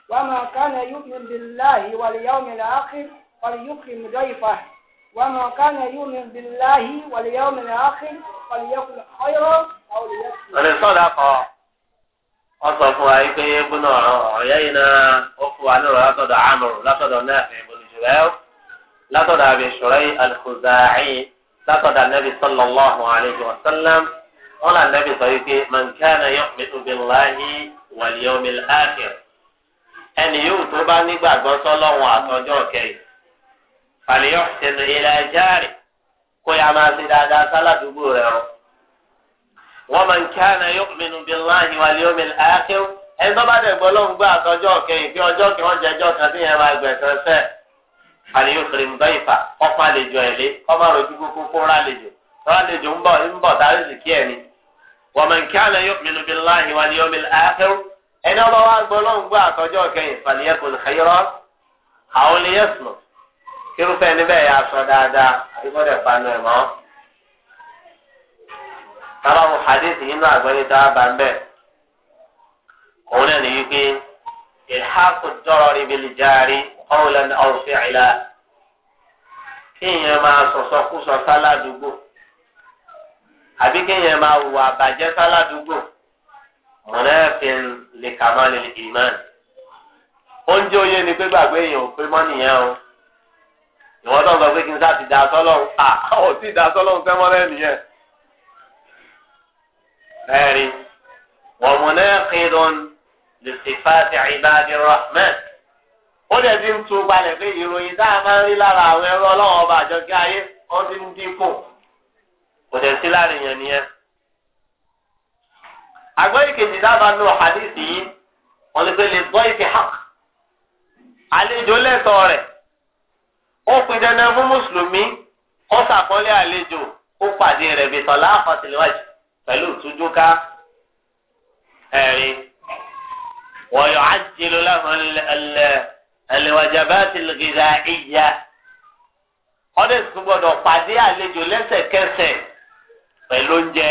وما كان يؤمن بالله واليوم الآخر فليكرم ضيفه وما كان يؤمن بالله واليوم الآخر فليقل خيرا أو ليكفر. الصدقة أصف أيكي بن عيينة أخو عن لقد عمرو لقد نافع بن جلاو لقد أبي شريع الخزاعي لقد النبي صلى الله عليه وسلم قال النبي صلى الله عليه وسلم من كان يؤمن بالله واليوم الآخر ẹni yóò tó bá nígbàgbọ́ sọ́lọ́run àtọjọ́ kẹyìn fàlẹ́yọ̀ sẹ́nu ilẹ̀ ẹja rẹ̀ kó yá máa ṣe dáadáa sáládùúgbò rẹ̀ o. wọ́n máa ń kí àná yu'minu billahi wal yawmil akhir ẹni tó bá lóhùn gbọ́ àtọjọ́ kẹyìn ọjọ́ kí wọ́n jẹjọ́ kan sí máa fàlẹ́yọ̀ ìfà àlejò kó rálejò rálejò ń bọ̀ ń bọ̀ ẹni ọba wa gbọ́ lọ́n gbọ́ àtọ́jọ́ kẹyìn fàlíyẹ́kùn xeyọ́rọ́ àwọn olùyẹ̀sùn kírúfẹ́ níbẹ̀ yà sọ dáadáa àbíkọ́dẹ̀ panu ẹ̀ mọ́. sábàbù hadith inú àgbẹ̀rẹ̀ a bá ń bẹ̀ òun náà nìyí pé máa sọ̀sọ̀ kú sọ sáládùúgbò àbí máa mọ̀lẹ́fin lè kà má lè ìmán. oúnjẹ oyè ni pé gbàgbé èèyàn ò pé mọ́ nìyẹn o ìwọ́n tó ń sọ pé kí n sá ti da sọ́lọ́hún à ò tí ì da sọ́lọ́hún sẹ́mọ́ lẹ́nu yẹn. ẹ̀rí wọ́n mọ̀lẹ́fin lọ́n lè sèfáàtì ìbáàdì rahman ó dẹ̀ ti ń tún balẹ̀ pé ìròyìn tá a máa ń rí lára àwọn ẹ̀rọ ọlọ́wọ́n ọba àjọkí ayé wọ́n ti ń dínkù kò dẹ̀ sí láàrin yẹn nìyẹn àgbọ̀yì kejì dábàá nù hadith yìí wọ́n ti pè lè gbọ́ ìfi hàn àlejò lẹ́tọ̀ọ́ rẹ̀ ó pin dandan fún mùsùlùmí ó sàkọ́lé àlejò ó pàdé rẹ̀ bí sọ̀lá àfọ̀tìlẹ́wájú pẹ̀lú ìtújúká ẹ̀rí wọ́n yọ ájìlú láwọn ẹlẹ́wàjàbá ti gíga ìyá ọdẹ tún gbọ́dọ̀ pàdé àlejò lẹ́sẹ̀kẹsẹ̀ pẹ̀lú oúnjẹ.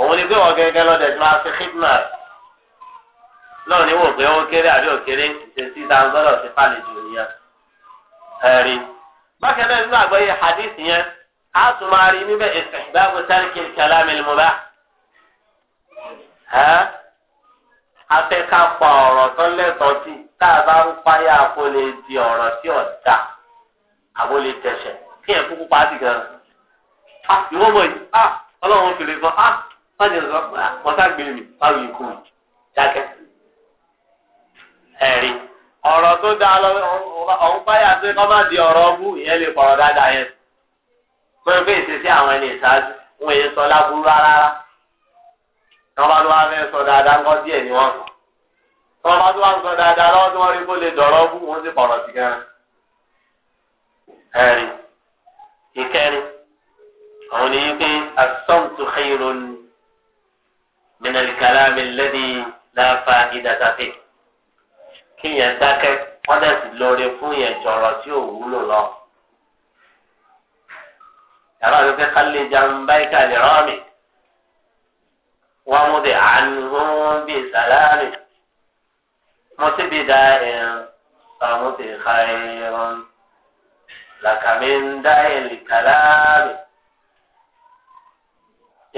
òun ni pé wọn gẹ́gẹ́ lọdẹ tí máa fi hikma rẹ lọ́wọ́ ni wò pé ó kéré àbí òkéré ṣe sí dáńgọ́dọ̀ sí fàlejò nìyẹn ẹ̀rí. bákan náà nínú àgbáyé hadith yẹn a tún máa rí níbẹ̀ ìsìnbáwò sáré kalam al-mubah. afẹ́ká pa ọ̀rọ̀ tó lẹ́tọ̀ọ́ sí tá a bá ń páyà kó lè di ọ̀rọ̀ tí ò àbó lè tẹ̀sẹ̀ kí ẹ̀ kúkú pa á ti gan-an. Ah, ìwọ́n bọ̀ yìí ah, ọlọ́run fi lè sọ ah, wọ́n ti sọ wọ́n ah, sàgbé mi báwo yìí kú mi dákẹ́. ẹ̀rí ọ̀rọ̀ tó dáa lọ ọ̀hún báyà pé kọ́ bá di ọ̀rọ̀ ọbú ìyẹn lè pọ̀rọ̀ dáadáa yẹn. pé pé ìṣesí àwọn ẹni ìṣáájú wọn èyí sọ láburú rárá. wọ́n bá tó wá fẹ́ sọ dáadáa ńkọ́ díẹ̀ ni wọ́n sọ. wọ́n bá tó wá sọ dáadáa lọ́wọ́ tí wọ́n rí kó lè dọ̀rọ̀ ọbú wọ́n sì pọ̀rọ̀ sí gan. ẹ̀rí من الكلام الذي لا فائدة فيه kí yẹn dákẹ́ wọ́n dẹ̀ sì lóore fún yẹn jọ̀rọ̀ tí ò wúlò lọ. yàrá ló fẹ́ kálí jàmbá ìkàlẹ̀ rọ́ọ̀mì wọ́n mú di àánú bíi sàlámì mo ti bi da ẹ̀ẹ́n àwọn ti ka ẹ̀rọ̀n làkàmì ń dá ẹ̀lì kàlámì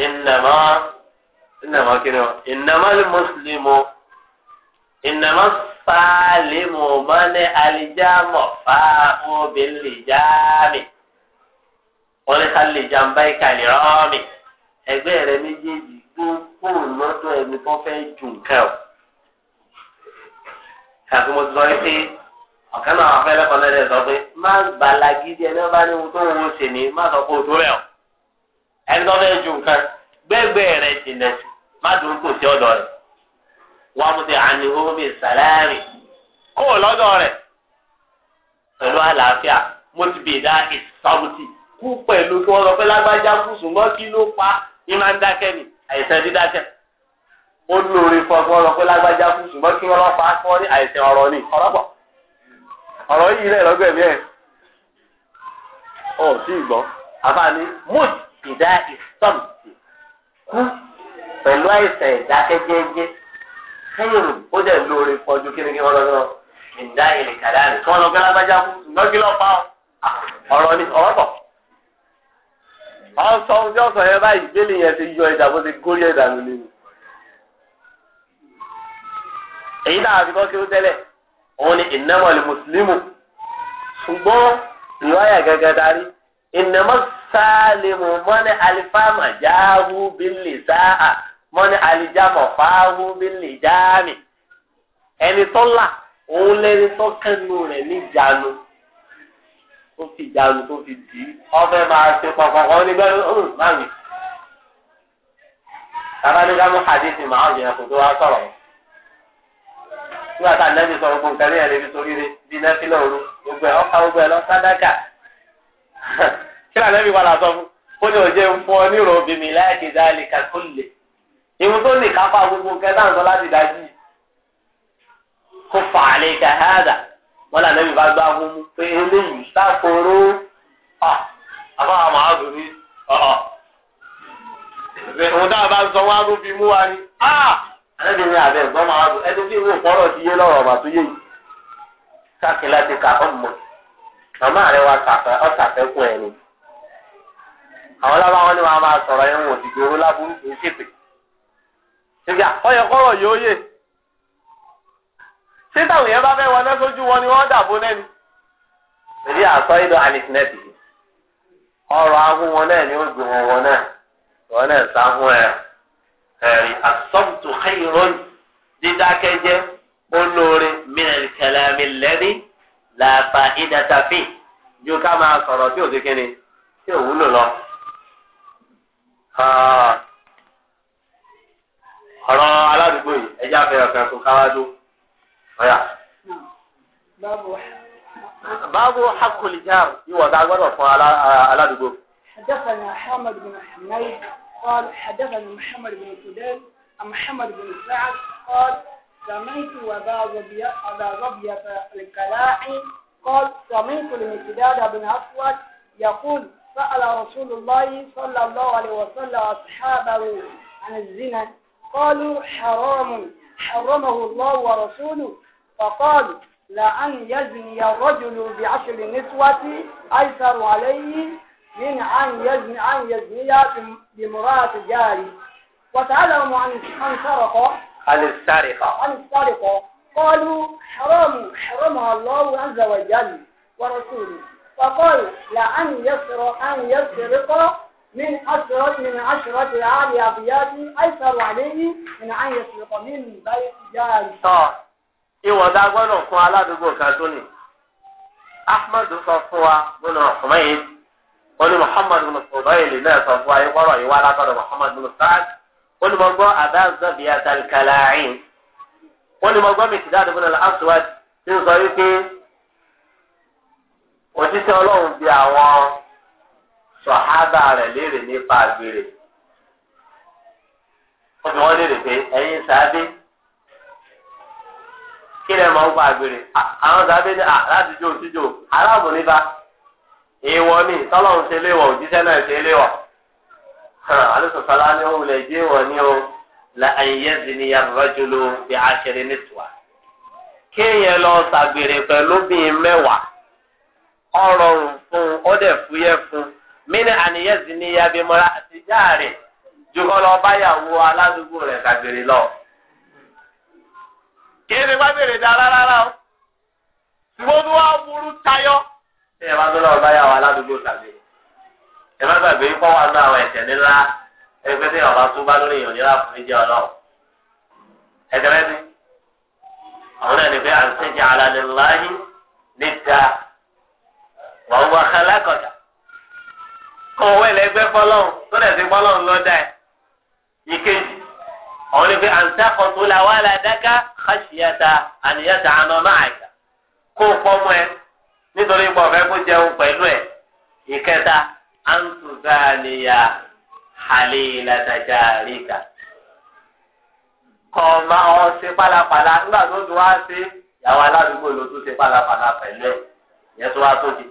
ìnàmọ́. إنما كنوا إنما المسلم إنما السالم من الجام فاء باللجام ولك اللجام بيك لرامي ẹgbẹ́ rẹ méjèèjì tó kúrò lọ́dọ̀ ẹni tó fẹ́ ju nǹkan o. kàfi mo ti sọ pé ọ̀kan náà wà fẹ́lẹ́ kan lẹ́dẹ̀ẹ́ sọ pé má balagídí ẹni bá ní ohun tó ń wo ṣe ni má sọ pé òtún rẹ̀ o. ẹni tó fẹ́ ju nǹkan. gbẹgbẹ rẹ jìnnà sí má dùn kò sí rẹ̀ wàá mú ti àníhó mi kó o rẹ̀ pẹ̀lú àlàáfíà mo ti bèèrè ìsàmùtì kú pẹ̀lú kí wọ́n lọ pé lágbájá kú ṣùgbọ́n kí ló pa ní máa ń ni àìsàn ni yìí ọ sí àfààní mo ti kú pẹ̀lú àìsàn ìdákẹ́jẹ́jẹ́ kẹ́yìn ó dẹ̀ lóore pọ̀jù kí ni kí wọ́n lọ lọ ìdá ìrìn kàdá rẹ̀ kí wọ́n lọ gbẹ́lá bájá kú ṣùgbọ́n kí lọ́ọ́ ọ̀rọ̀ ni ọ̀rọ̀ إنما sálẹ̀mù من alifáàmà jáhù bílì من mọ́ni alijámọ̀ fáhù bílì jáàmì ẹni tó là òun lẹ́ni tó kẹ́nu rẹ̀ ní ìjánu tó fi ìjánu tó fi dì í ọfẹ́ máa ṣe pọ̀pọ̀pọ̀ nígbà ọ̀hún máa wì. tabalẹ́gá mú hadith màá yẹn kó tó wá sọ̀rọ̀ nígbà tá a nẹ́bi sọ gbogbo ní ẹ̀rẹ́ bí sórí rẹ̀ bí nẹ́fílẹ̀ òru gbogbo ẹ̀ ọ́ kí na mi padà sọ fún ó ní òjé fún ọ ní ròbì mi láì lè ìwọ tó ní kápá gbogbo kẹta ń sọ láti dájú kó fà á lè kà hádà wọn lànà mi bá gbá fún mu pé eléyìí sáfòrò ọ àbáwá màá ọ òun dáa bá sọ wọn á mú wa ni ẹnìyẹn àbẹ dùn ẹni tí màmá rẹ wa tàfẹ ọtàfẹkùn ẹ ni àwọn lábáwọn ni wọn máa sọ̀rọ̀ ẹwọn òdìgbò owó lábúrú kì í ṣèpè ṣèjà ọyọ kọrọ yìí ó yè ṣé táwọn yẹn bá fẹ́ wọlé sójú wọn ni wọ́n dàbò náà ni. èdè àsọ ìlú alifinẹtì ọ̀rọ̀ ahun wọn náà ni ó gbé wọn wọn náà wọn náà sáhùn ẹ ẹrí asọ́mùtò xeyìrọ́nì dídákẹ́jẹ́ olóore mìíràn kẹlẹ́ mi làbà ìdàtàfẹ́ ju ká máa sọ̀rọ̀ tí ò sí kíni tí ò wúlò lọ. ọ̀rọ̀ aládùúgbò yìí ẹja fẹ́ ọ̀kan kó káwájú ọ̀yà. báwo hakùlì jáàmù ìwọ̀n tá a gbọ́dọ̀ fún aládùúgbò. حدثنا حامد bin حميد قال حدثنا محمد بن سودان محمد بن سعد قال سمعت أبا ربيعة أبا الكلاعي قال سمعت المقداد بن أسود يقول سأل رسول الله صلى الله عليه وسلم أصحابه عن الزنا قالوا حرام حرمه الله ورسوله فقال لأن يزني الرجل بعشر نسوة أيسر عليه من أن يزني أن يزني بامرأة جاري وتعلم عن عن سرقة alìsárìkọ. alìsárìkọ kọlu haramu haramu allahu azza wa jalla wa rasuluhu fakọlu la أن يسرق an yasọrọ من عشرة من عشرة عالي أبياتي أيسر عليه من أن يسرق من بيت جاري. ìwọ̀n dá gbọ́dọ̀ fún aládùúgbò kan tó ní. Ahmad sọ fún wa nínú ọ̀kùnrin yìí wọ́n ní Muhammad bin Fudail náà sọ fún wa yìí wọ́rọ̀ yìí wá látọ̀dọ̀ Muhammad bin wọ́n ní mo a abáàzọ́bì àtàlùkàlàáyìn wọ́n ní mo gbọ́ mìtìdáàdì fún ọ̀la aswad ti ń sọ wípé òjíṣẹ́ ọlọ́run bí ń àgbèrè àwọn ní láti jó aláàbò ni tọ́lọ́run ṣe òjíṣẹ́ náà ṣe alùpùpàlà ni ó wulẹ̀ jẹ́ wọ̀ ni ó la ayézi ni yarajulu bí aṣèré nítorí kéèyàn lọ ṣàgbèrè pẹ̀lú bíi mẹ́wàá ọrọrùn fún ó dẹ̀ fúyẹ́ fún mínú àníyẹ́sì ní yabi mọ́ra àti jáàrin ju kọ́ lọ báyàwó aládùúgbò rẹ̀ ṣàgbèrè lọ. kìí ṣe bá bèrè dá rárá o ṣùgbọ́n bí wọ́n tayọ. ṣé ẹ báyàwó aládùúgbò ṣàgbèrè ẹ má kọ́ wà náà ẹ̀ṣẹ̀ nílá ẹgbẹ́ tí ọba tún bá lórí èèyàn nílá fún mi jẹ́ ọlọ́run mi àwọn náà pé à ń sẹ́jà alaniláyé níta wọ́n wá alákọ̀dá kọ́ owó ẹlẹgbẹ́ fọlọ́run tó dẹ̀ ti fọlọ́run lọ́dà ẹ̀ ìkejì àwọn ní pé à ń làwọn aládàkà kàṣíyàtà àníyàtà àná máa yà kó o ẹ nítorí pọ̀ kó jẹun pẹ̀lú ẹ̀ ìkẹta à ń halilata jarika kọ ma ọ ṣe pálapàla nígbà tó tún wá ṣe ìyàwó aládùúgbò ló tún ṣe pálapàla pẹ̀lú ẹ̀ yẹn tó wá tóbi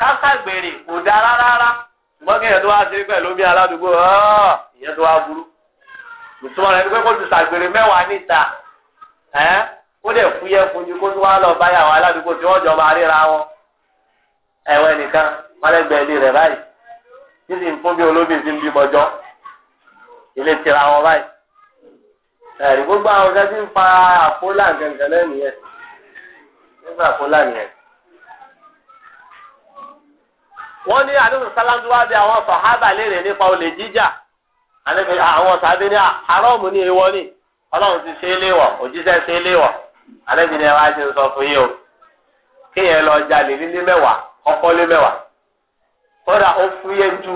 káságbèrè kò dá rárá ṣùgbọ́n kí yẹn tó wá ṣe pẹ̀lú bí aládùúgbò ìyẹn tó wá burú ìtumọ̀ rẹ̀ pé kó tún ṣàgbèrè mẹ́wàá níta ó dẹ̀ fúyẹ́ funjú kó tún wá lọ bá ìyàwó aládùúgbò tí wọ́n jọ máa ríra wọn ẹ̀wọ̀n nìkan wọ́n lẹ́gbẹ̀ẹ́ ilé rẹ̀ báyìí títí ń fún bí olóbì ti ń bí bọjọ́ ilé tira wọn báyìí ẹ̀rí gbogbo àwọn ọ̀gá ti ń fa àpólà gẹ̀ǹgẹ̀ náà nìyẹn nígbà àpólà nìyẹn. wọ́n ní àdéhùn sálámù wá bí àwọn sàhábà léèrè nípa olè jíjà àwọn sàbí ní àrọ́ọ̀mù ní ewọ́ ni ọlọ́run ti ṣe é léwọ̀ òjíṣẹ́ ṣe é léwọ̀ àlẹ́ mi ni ẹ wá ti ń sọ fún yín o kéèyàn lọ jalè nílé mẹ́wàá ọkọ́ lé mẹ́wàá kódà ó fúyẹ́ ju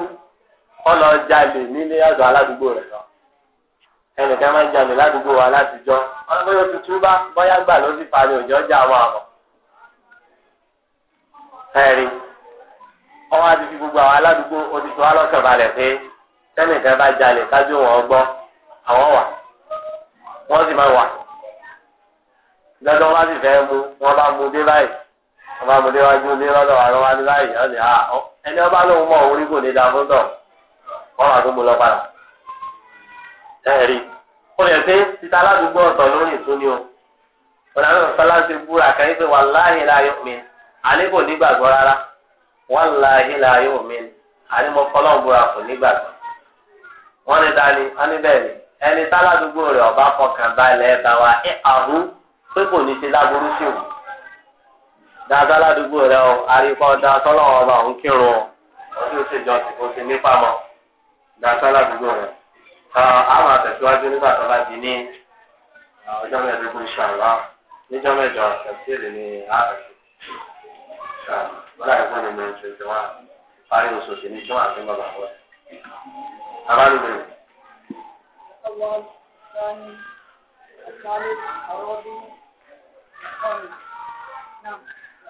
ọlọ jalè nílé ọ̀dọ̀ aládùúgbò rẹ̀ lọ ẹnìkan máa ń jalè ládùúgbò wa látijọ́ ọlọ́bọ̀yọ̀ tuntun bá bọ́yá gbà ló ti parí òjò ọjà àwọn àmọ́ ẹ̀rí ọwọ́ àti fi gbogbo àwọn aládùúgbò oníṣòwò alọ́kàn balẹ̀ pé tẹ́nìkan bá jalè kájú wọn gbọ́ àwọn wà wọ́n sì máa wà lọ́dọ̀ wá sì fẹ́ mu wọ́n bá mu dé báyìí wọ́n bá mu dé wájú ní lọ́dọ̀ àrùn wá ní báyìí ọ̀sẹ̀ àá ah, ẹni ọba lóun mọ òun rí kò ní dáa fún tọ wọn wà tó mú lọ padà ẹrí ó lè pé títa aládùúgbò ọ̀tọ̀ lórí ìtúni o ọ̀nà àwọn ìfọláṣẹ búra pé àní kò nígbàgbọ́ rárá àní mo búra kò nígbàgbọ́ wọ́n ní dání wọ́n ní bẹ́ẹ̀ ni ẹni táládùúgbò rẹ̀ ọba fọkàn balẹ̀ bá wa ẹ̀ àrùn pé kò ní ṣe dáadáa ládùúgbò rẹ o àríkọ́ da sọ́lọ́wọ́ ọba òun kírun o ojú ó ṣèjọ ó ti nípa mọ́ dáadáa ládùúgbò rẹ. a máa tẹ̀síwájú nígbà tó bá di ní ọjọ́ mẹ́ẹ̀ẹ́dógún ṣàlá níjọ́ mẹ́jọ ṣẹ̀tìrì ní àrẹ̀sì ṣàlá wọ́n láì fún mi ní ṣèṣe wá parí oṣooṣù ní jọ́ àti bàbá wọn. abánigbè. ọlọ́run ọ̀sán ni ọ̀sán ni àwọn ọdún ọ̀rùn náà.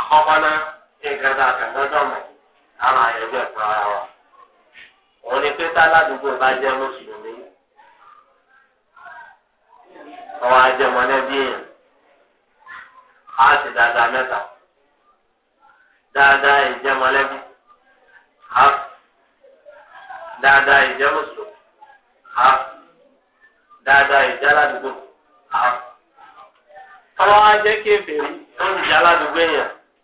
àkọ́kọ́ náà ṣé nǹkan ọkpọrọ a kàn ẹ̀kọ́ ara wa. òun ni pé tá bá jẹ́ mùsùlùmí ọwọ́ ajẹmọ́lẹ́bí èèyàn dada mẹ́ta dáadáa ìjẹmọ́lẹ́bí á dáadáa ìjẹmùsùlùmí ó ń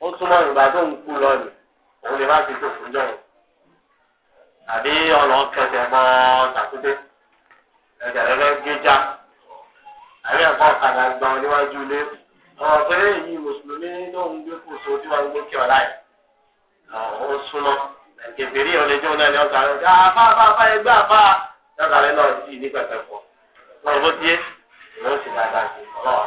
ó túmọ̀ ìgbà tó ń kú lọ òun lè má fi tó fún jọ̀ọ́ àbí ọ̀nà kẹsẹ̀ mọ́ tàkúté ẹ̀jẹ̀ rẹ̀ fẹ́ àbí ẹ̀kọ́ ọ̀kadà gba ọ níwájú ilé ọ̀rọ̀ pé èyí mùsùlùmí tó ń gbé kù sójú wa ń gbé kí ọ̀la yìí ó súnmọ́ kẹfìrí ọ̀lẹ́jọ́ náà ni ọ̀gá rẹ̀ àbá àbá àbá ẹgbẹ́ àbá ẹgbẹ́ rẹ̀ náà sì ní pẹ̀pẹ̀ pọ̀ wọn bó tiẹ̀ ìwọ́n sì dáadáa sí ọlọ́wà.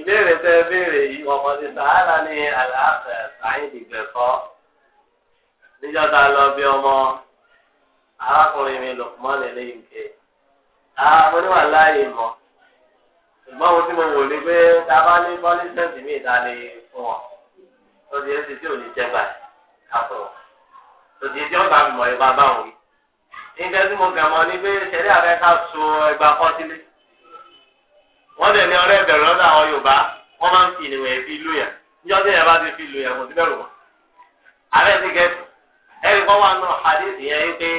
ìbéèrè tẹ béèrè yìí ọmọdé sàhálà ní àlàáfẹ sàyìn ìgbẹ̀fọ́ níjọba lọ bí ọmọ arákùnrin mi Lukman lẹ́yìn ké àwọn oníwà láàyè mọ́ ṣùgbọ́n ohun tí mo wò ni pé tá a bá ní pọ́lísẹ́ǹtì mi ìta ni fún ọ lọ́dún yẹn ti tí ò ní jẹ́ gbà kápọ̀ lọ́dún yẹn tí wọ́n bá mi mọ̀ ẹ̀ bá bá òun yìí. nígbà tí mo gbà mọ́ ni pé ṣẹlẹ́ àfẹ́ ká so ẹgbàá pọ́sílẹ̀. wọ́n dẹ̀ ní ọ̀rẹ́ ìbẹ̀rù lọ́dọ̀ àwọn Yorùbá wọ́n máa ń fi ìnìwẹ̀ fi ìlú yẹn níjọ́ tí bá ti fi ìlú yẹn sí bẹ̀rù wọn. ààrẹ ti gẹ̀ẹ́sì ẹ̀rí kan hadith yẹn yìí pé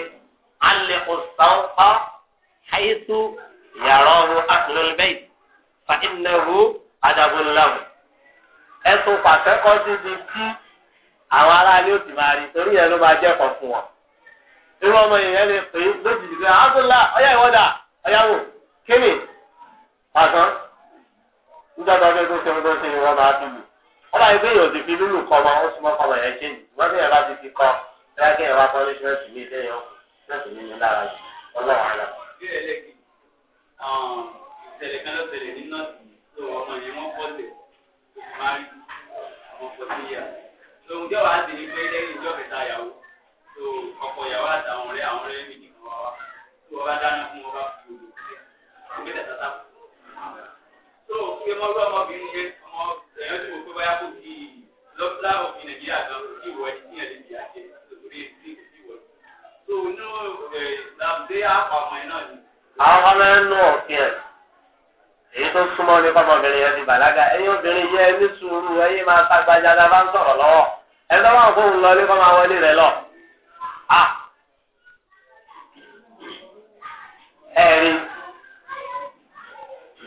alẹ́ yàrá ẹ̀sùn pàtẹ́kọ́ àwọn aráàlú máa rí torí yẹn ló máa jẹ́ ẹ̀kọ́ fún wọn. irú ọmọ yẹn lè pè é lójijì àtàn níjọba ẹgbẹ́ tó ṣe tó ṣe ìwọ máa fi lù ọba yìí pé yóò ti fi lùlù kọ ọmọ ó sì mọ́ ọmọ yẹn ṣe yìí wọ́n bẹ̀rẹ̀ bá ti fi kọ ẹ̀rọ kí ẹ̀rọ akọ́lé ṣẹ́ẹ̀sì mi lẹ́yìn ọ̀sẹ̀ nínú lára jù ọlọ́run àná. ìṣẹ̀lẹ̀ kan ló ṣẹlẹ̀ ní nọ́ọ̀sì tó ọmọ yẹn wọ́n pọ̀ lẹ̀ máa rí àwọn ọkọ̀ tó yà lóhun jẹ́ wàá sì ní pé lẹ́yìn ìjọ kẹta ìyàwó tó ọkọ ìyàwó àtàwọn ọ̀rẹ́ àwọn ọ̀rẹ́ méjì kan wá wá tó ọba dáná fún ọba fún gbogbo tó pé wọ́n lọ́ ọmọbìnrin yẹn ọmọ ẹ̀yọ́ tí mo pé báyà kò sí lọ́pọ̀lá òfin Nàìjíríà gan kí ìwọ ẹni tíyẹn lè fi àṣẹ lórí èsì ìwọ. tó inú ìlànà àpamọ́ ẹ̀ náà ni. àwọn ọmọ ẹnu ọ̀kìn ẹ̀ èyí tó súnmọ́ ní kọ́mọbìnrin yẹn ti bàlágà ẹ̀yin obìnrin yẹn ní sùúrù ẹ̀yin máa sàgbàjà tá a bá ń sọ̀rọ̀ lọ́wọ́ ẹ̀ tó bá ń fóun lọ ní kọ́ máa wọlé rẹ̀ lọ. Ah! ẹ̀rín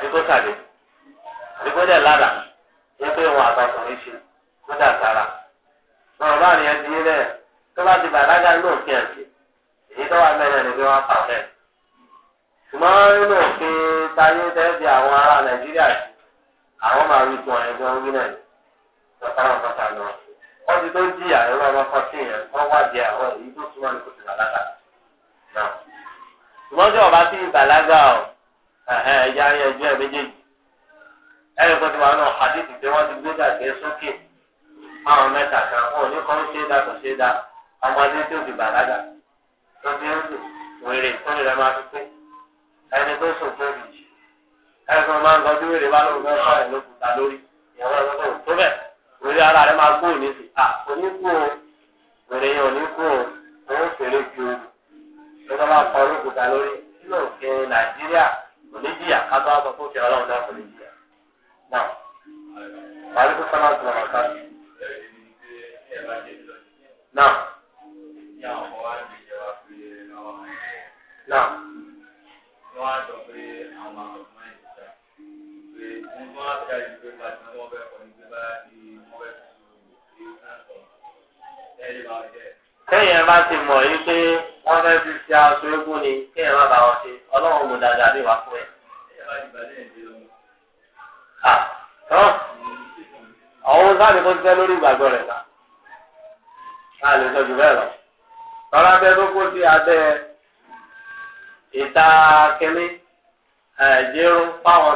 àdìgbò lára wọn ṣe kó dà sára wọn bá rìn ẹdí rẹ tó bá ti òfin èyí tó wà pé wọn fà mẹ ṣùgbọ́n òfin táyé àwọn ará nàìjíríà àwọn máa ẹgbẹ́ wọn ní ni ti tó ọmọ kan sí yẹn wá di àwọn èyí tó ní ẹ̀yà ẹ̀yẹ́jú ẹ̀ méjèèjì ẹ̀yẹ́ náà hadithi pé wọ́n ti gbé gàgé sókè àwọn mẹ́ta kan ní kọ́ ń ṣe é dá kò ṣe é dá ọmọdé tó ti bàlágà tó ti ń wèrè tó lè ẹni tó sùn tó jì ẹni tó máa ń wèrè bá lóun fẹ́ lórí ìyàwó kú o òun fèrè kò ní jìyà kátó àgbà fún òfin ọlọ́run náà kò ní jìyà náà wàhálà tó sábà tó lọ́wọ́ káàdì náà náà. wọ́n á bá ti mọ̀ yí pé. wọ́n fẹ́ fi ṣe aṣọ eégún ni kéèyàn má bàa wọn ṣe ọlọ́run mo dáadáa ní ìwà fún ẹ. ọ̀hún sáà lórí náà náà lè sọ jù bẹ́ẹ̀ lọ. tọ́lá bẹ́ẹ̀ tó kó sí ìta kínní ẹ̀ẹ́dẹ́rún fáwọn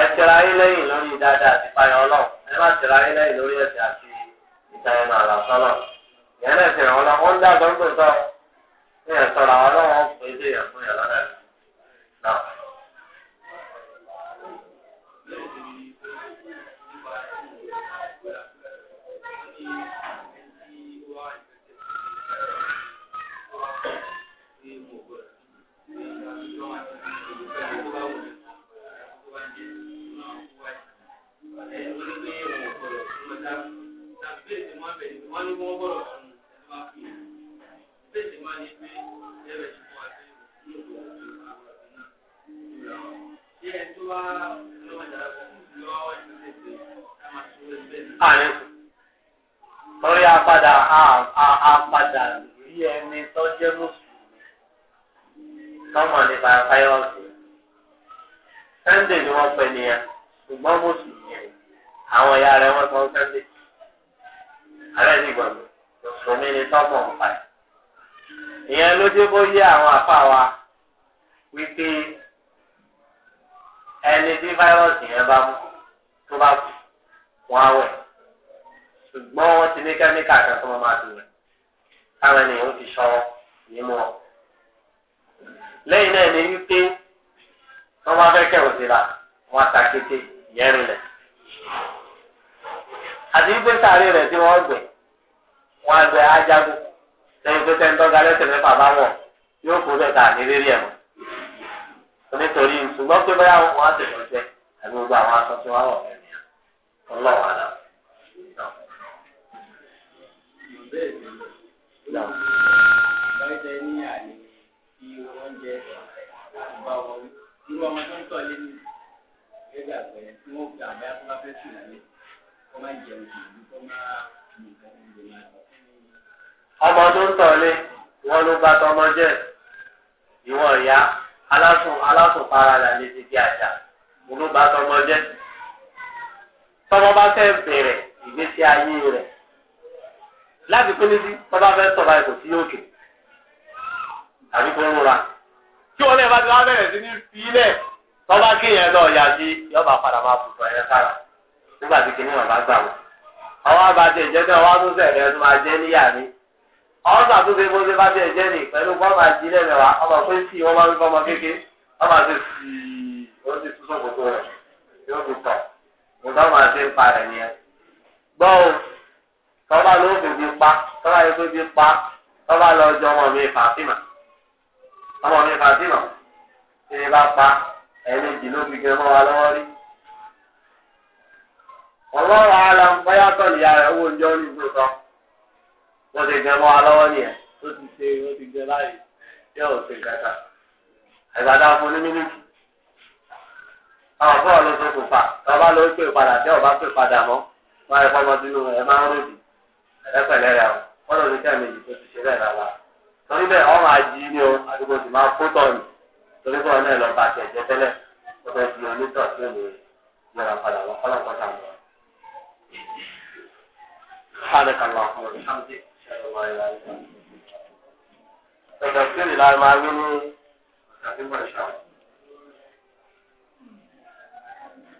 ẹ tẹ̀ra yín lẹ́yìn lórí dáadáa àti payọ̀ ọlọ́run ẹ má tẹ̀ra yín lẹ́yìn lórí ẹ̀sìn àti ìtayẹnu àlàsọ́nà ìyẹn náà fi ràn wọ́n lọ́wọ́ ń dá gbọ́ngbọ̀n sọ ní ẹ̀sọ́ra ọlọ́run ọ̀pọ̀ ilé ẹ̀fún ìyàlọ́dà náà. máa fòfò ẹ̀rẹ́ ká nígbà tí kìnìún bàbá gbà wò. àwọn abàtì ìjẹ́bẹ̀ wọn tún sẹ̀rẹ̀ ẹ̀ tó máa jẹ́ níyà mi. ọ̀hún ṣàtúnṣe bó ṣe bá ti ẹ̀jẹ̀ nì pẹ̀lú bọ́ máa jí lẹ́nu wa ọmọ pé sí wọn máa ń fọmọ kéke wọn máa ṣe sí i ó ti tún sókòtò rẹ̀ yóò fi tọ̀ nǹkan máa ṣe ń pa rẹ̀ nìyẹn. gbọ́ o tọ́ba ló fi fi pa tọ́ba yẹ kó fi pa tọ́ba lọ jọ ọmọ mi Fàtímà ọmọ mi Fàtímà ṣe é bá pa ẹ̀ẹ́mẹ́jì ọlọ́run ara ń báyà tọ̀ ní ara owó oúnjẹ ó ní ìlú tán wọ́n ti gbẹ mọ́ wa lọ́wọ́ nìyẹn ó ti ṣe ó ti gbẹ láàyè yóò ṣe kàkà àgbàdo fún ní mílíkì àwọn fún ọ̀lọ́ tó kù fà bàbá ló pè padà tí ọba pè padà mọ́ wọn ẹ̀ fọmọ sínú ẹ̀ máa ń ròdì ẹ̀rẹ́pẹ̀lẹ́ rẹ̀ wọ́n lọ́ọ́ ní kí àmì ìdìbò ti ṣe bẹ́ẹ̀ lára torí bẹ́ẹ̀ ọmọ ají ni o àdúgbò sì máa kó tọ̀ ní torí bọ́ọ̀ náà lọ́ọ́ bá tẹ̀ jẹ́ tẹ́lẹ̀ ó fẹ́ fi onítọ̀ sí padà wọ́n kọ́lọ́kọ́ sàmùlọ́. سبحانك اللهم وبحمدك أشهد أن لا إله إلا أنت تذكري لا ما وتعلمها إن شاء الله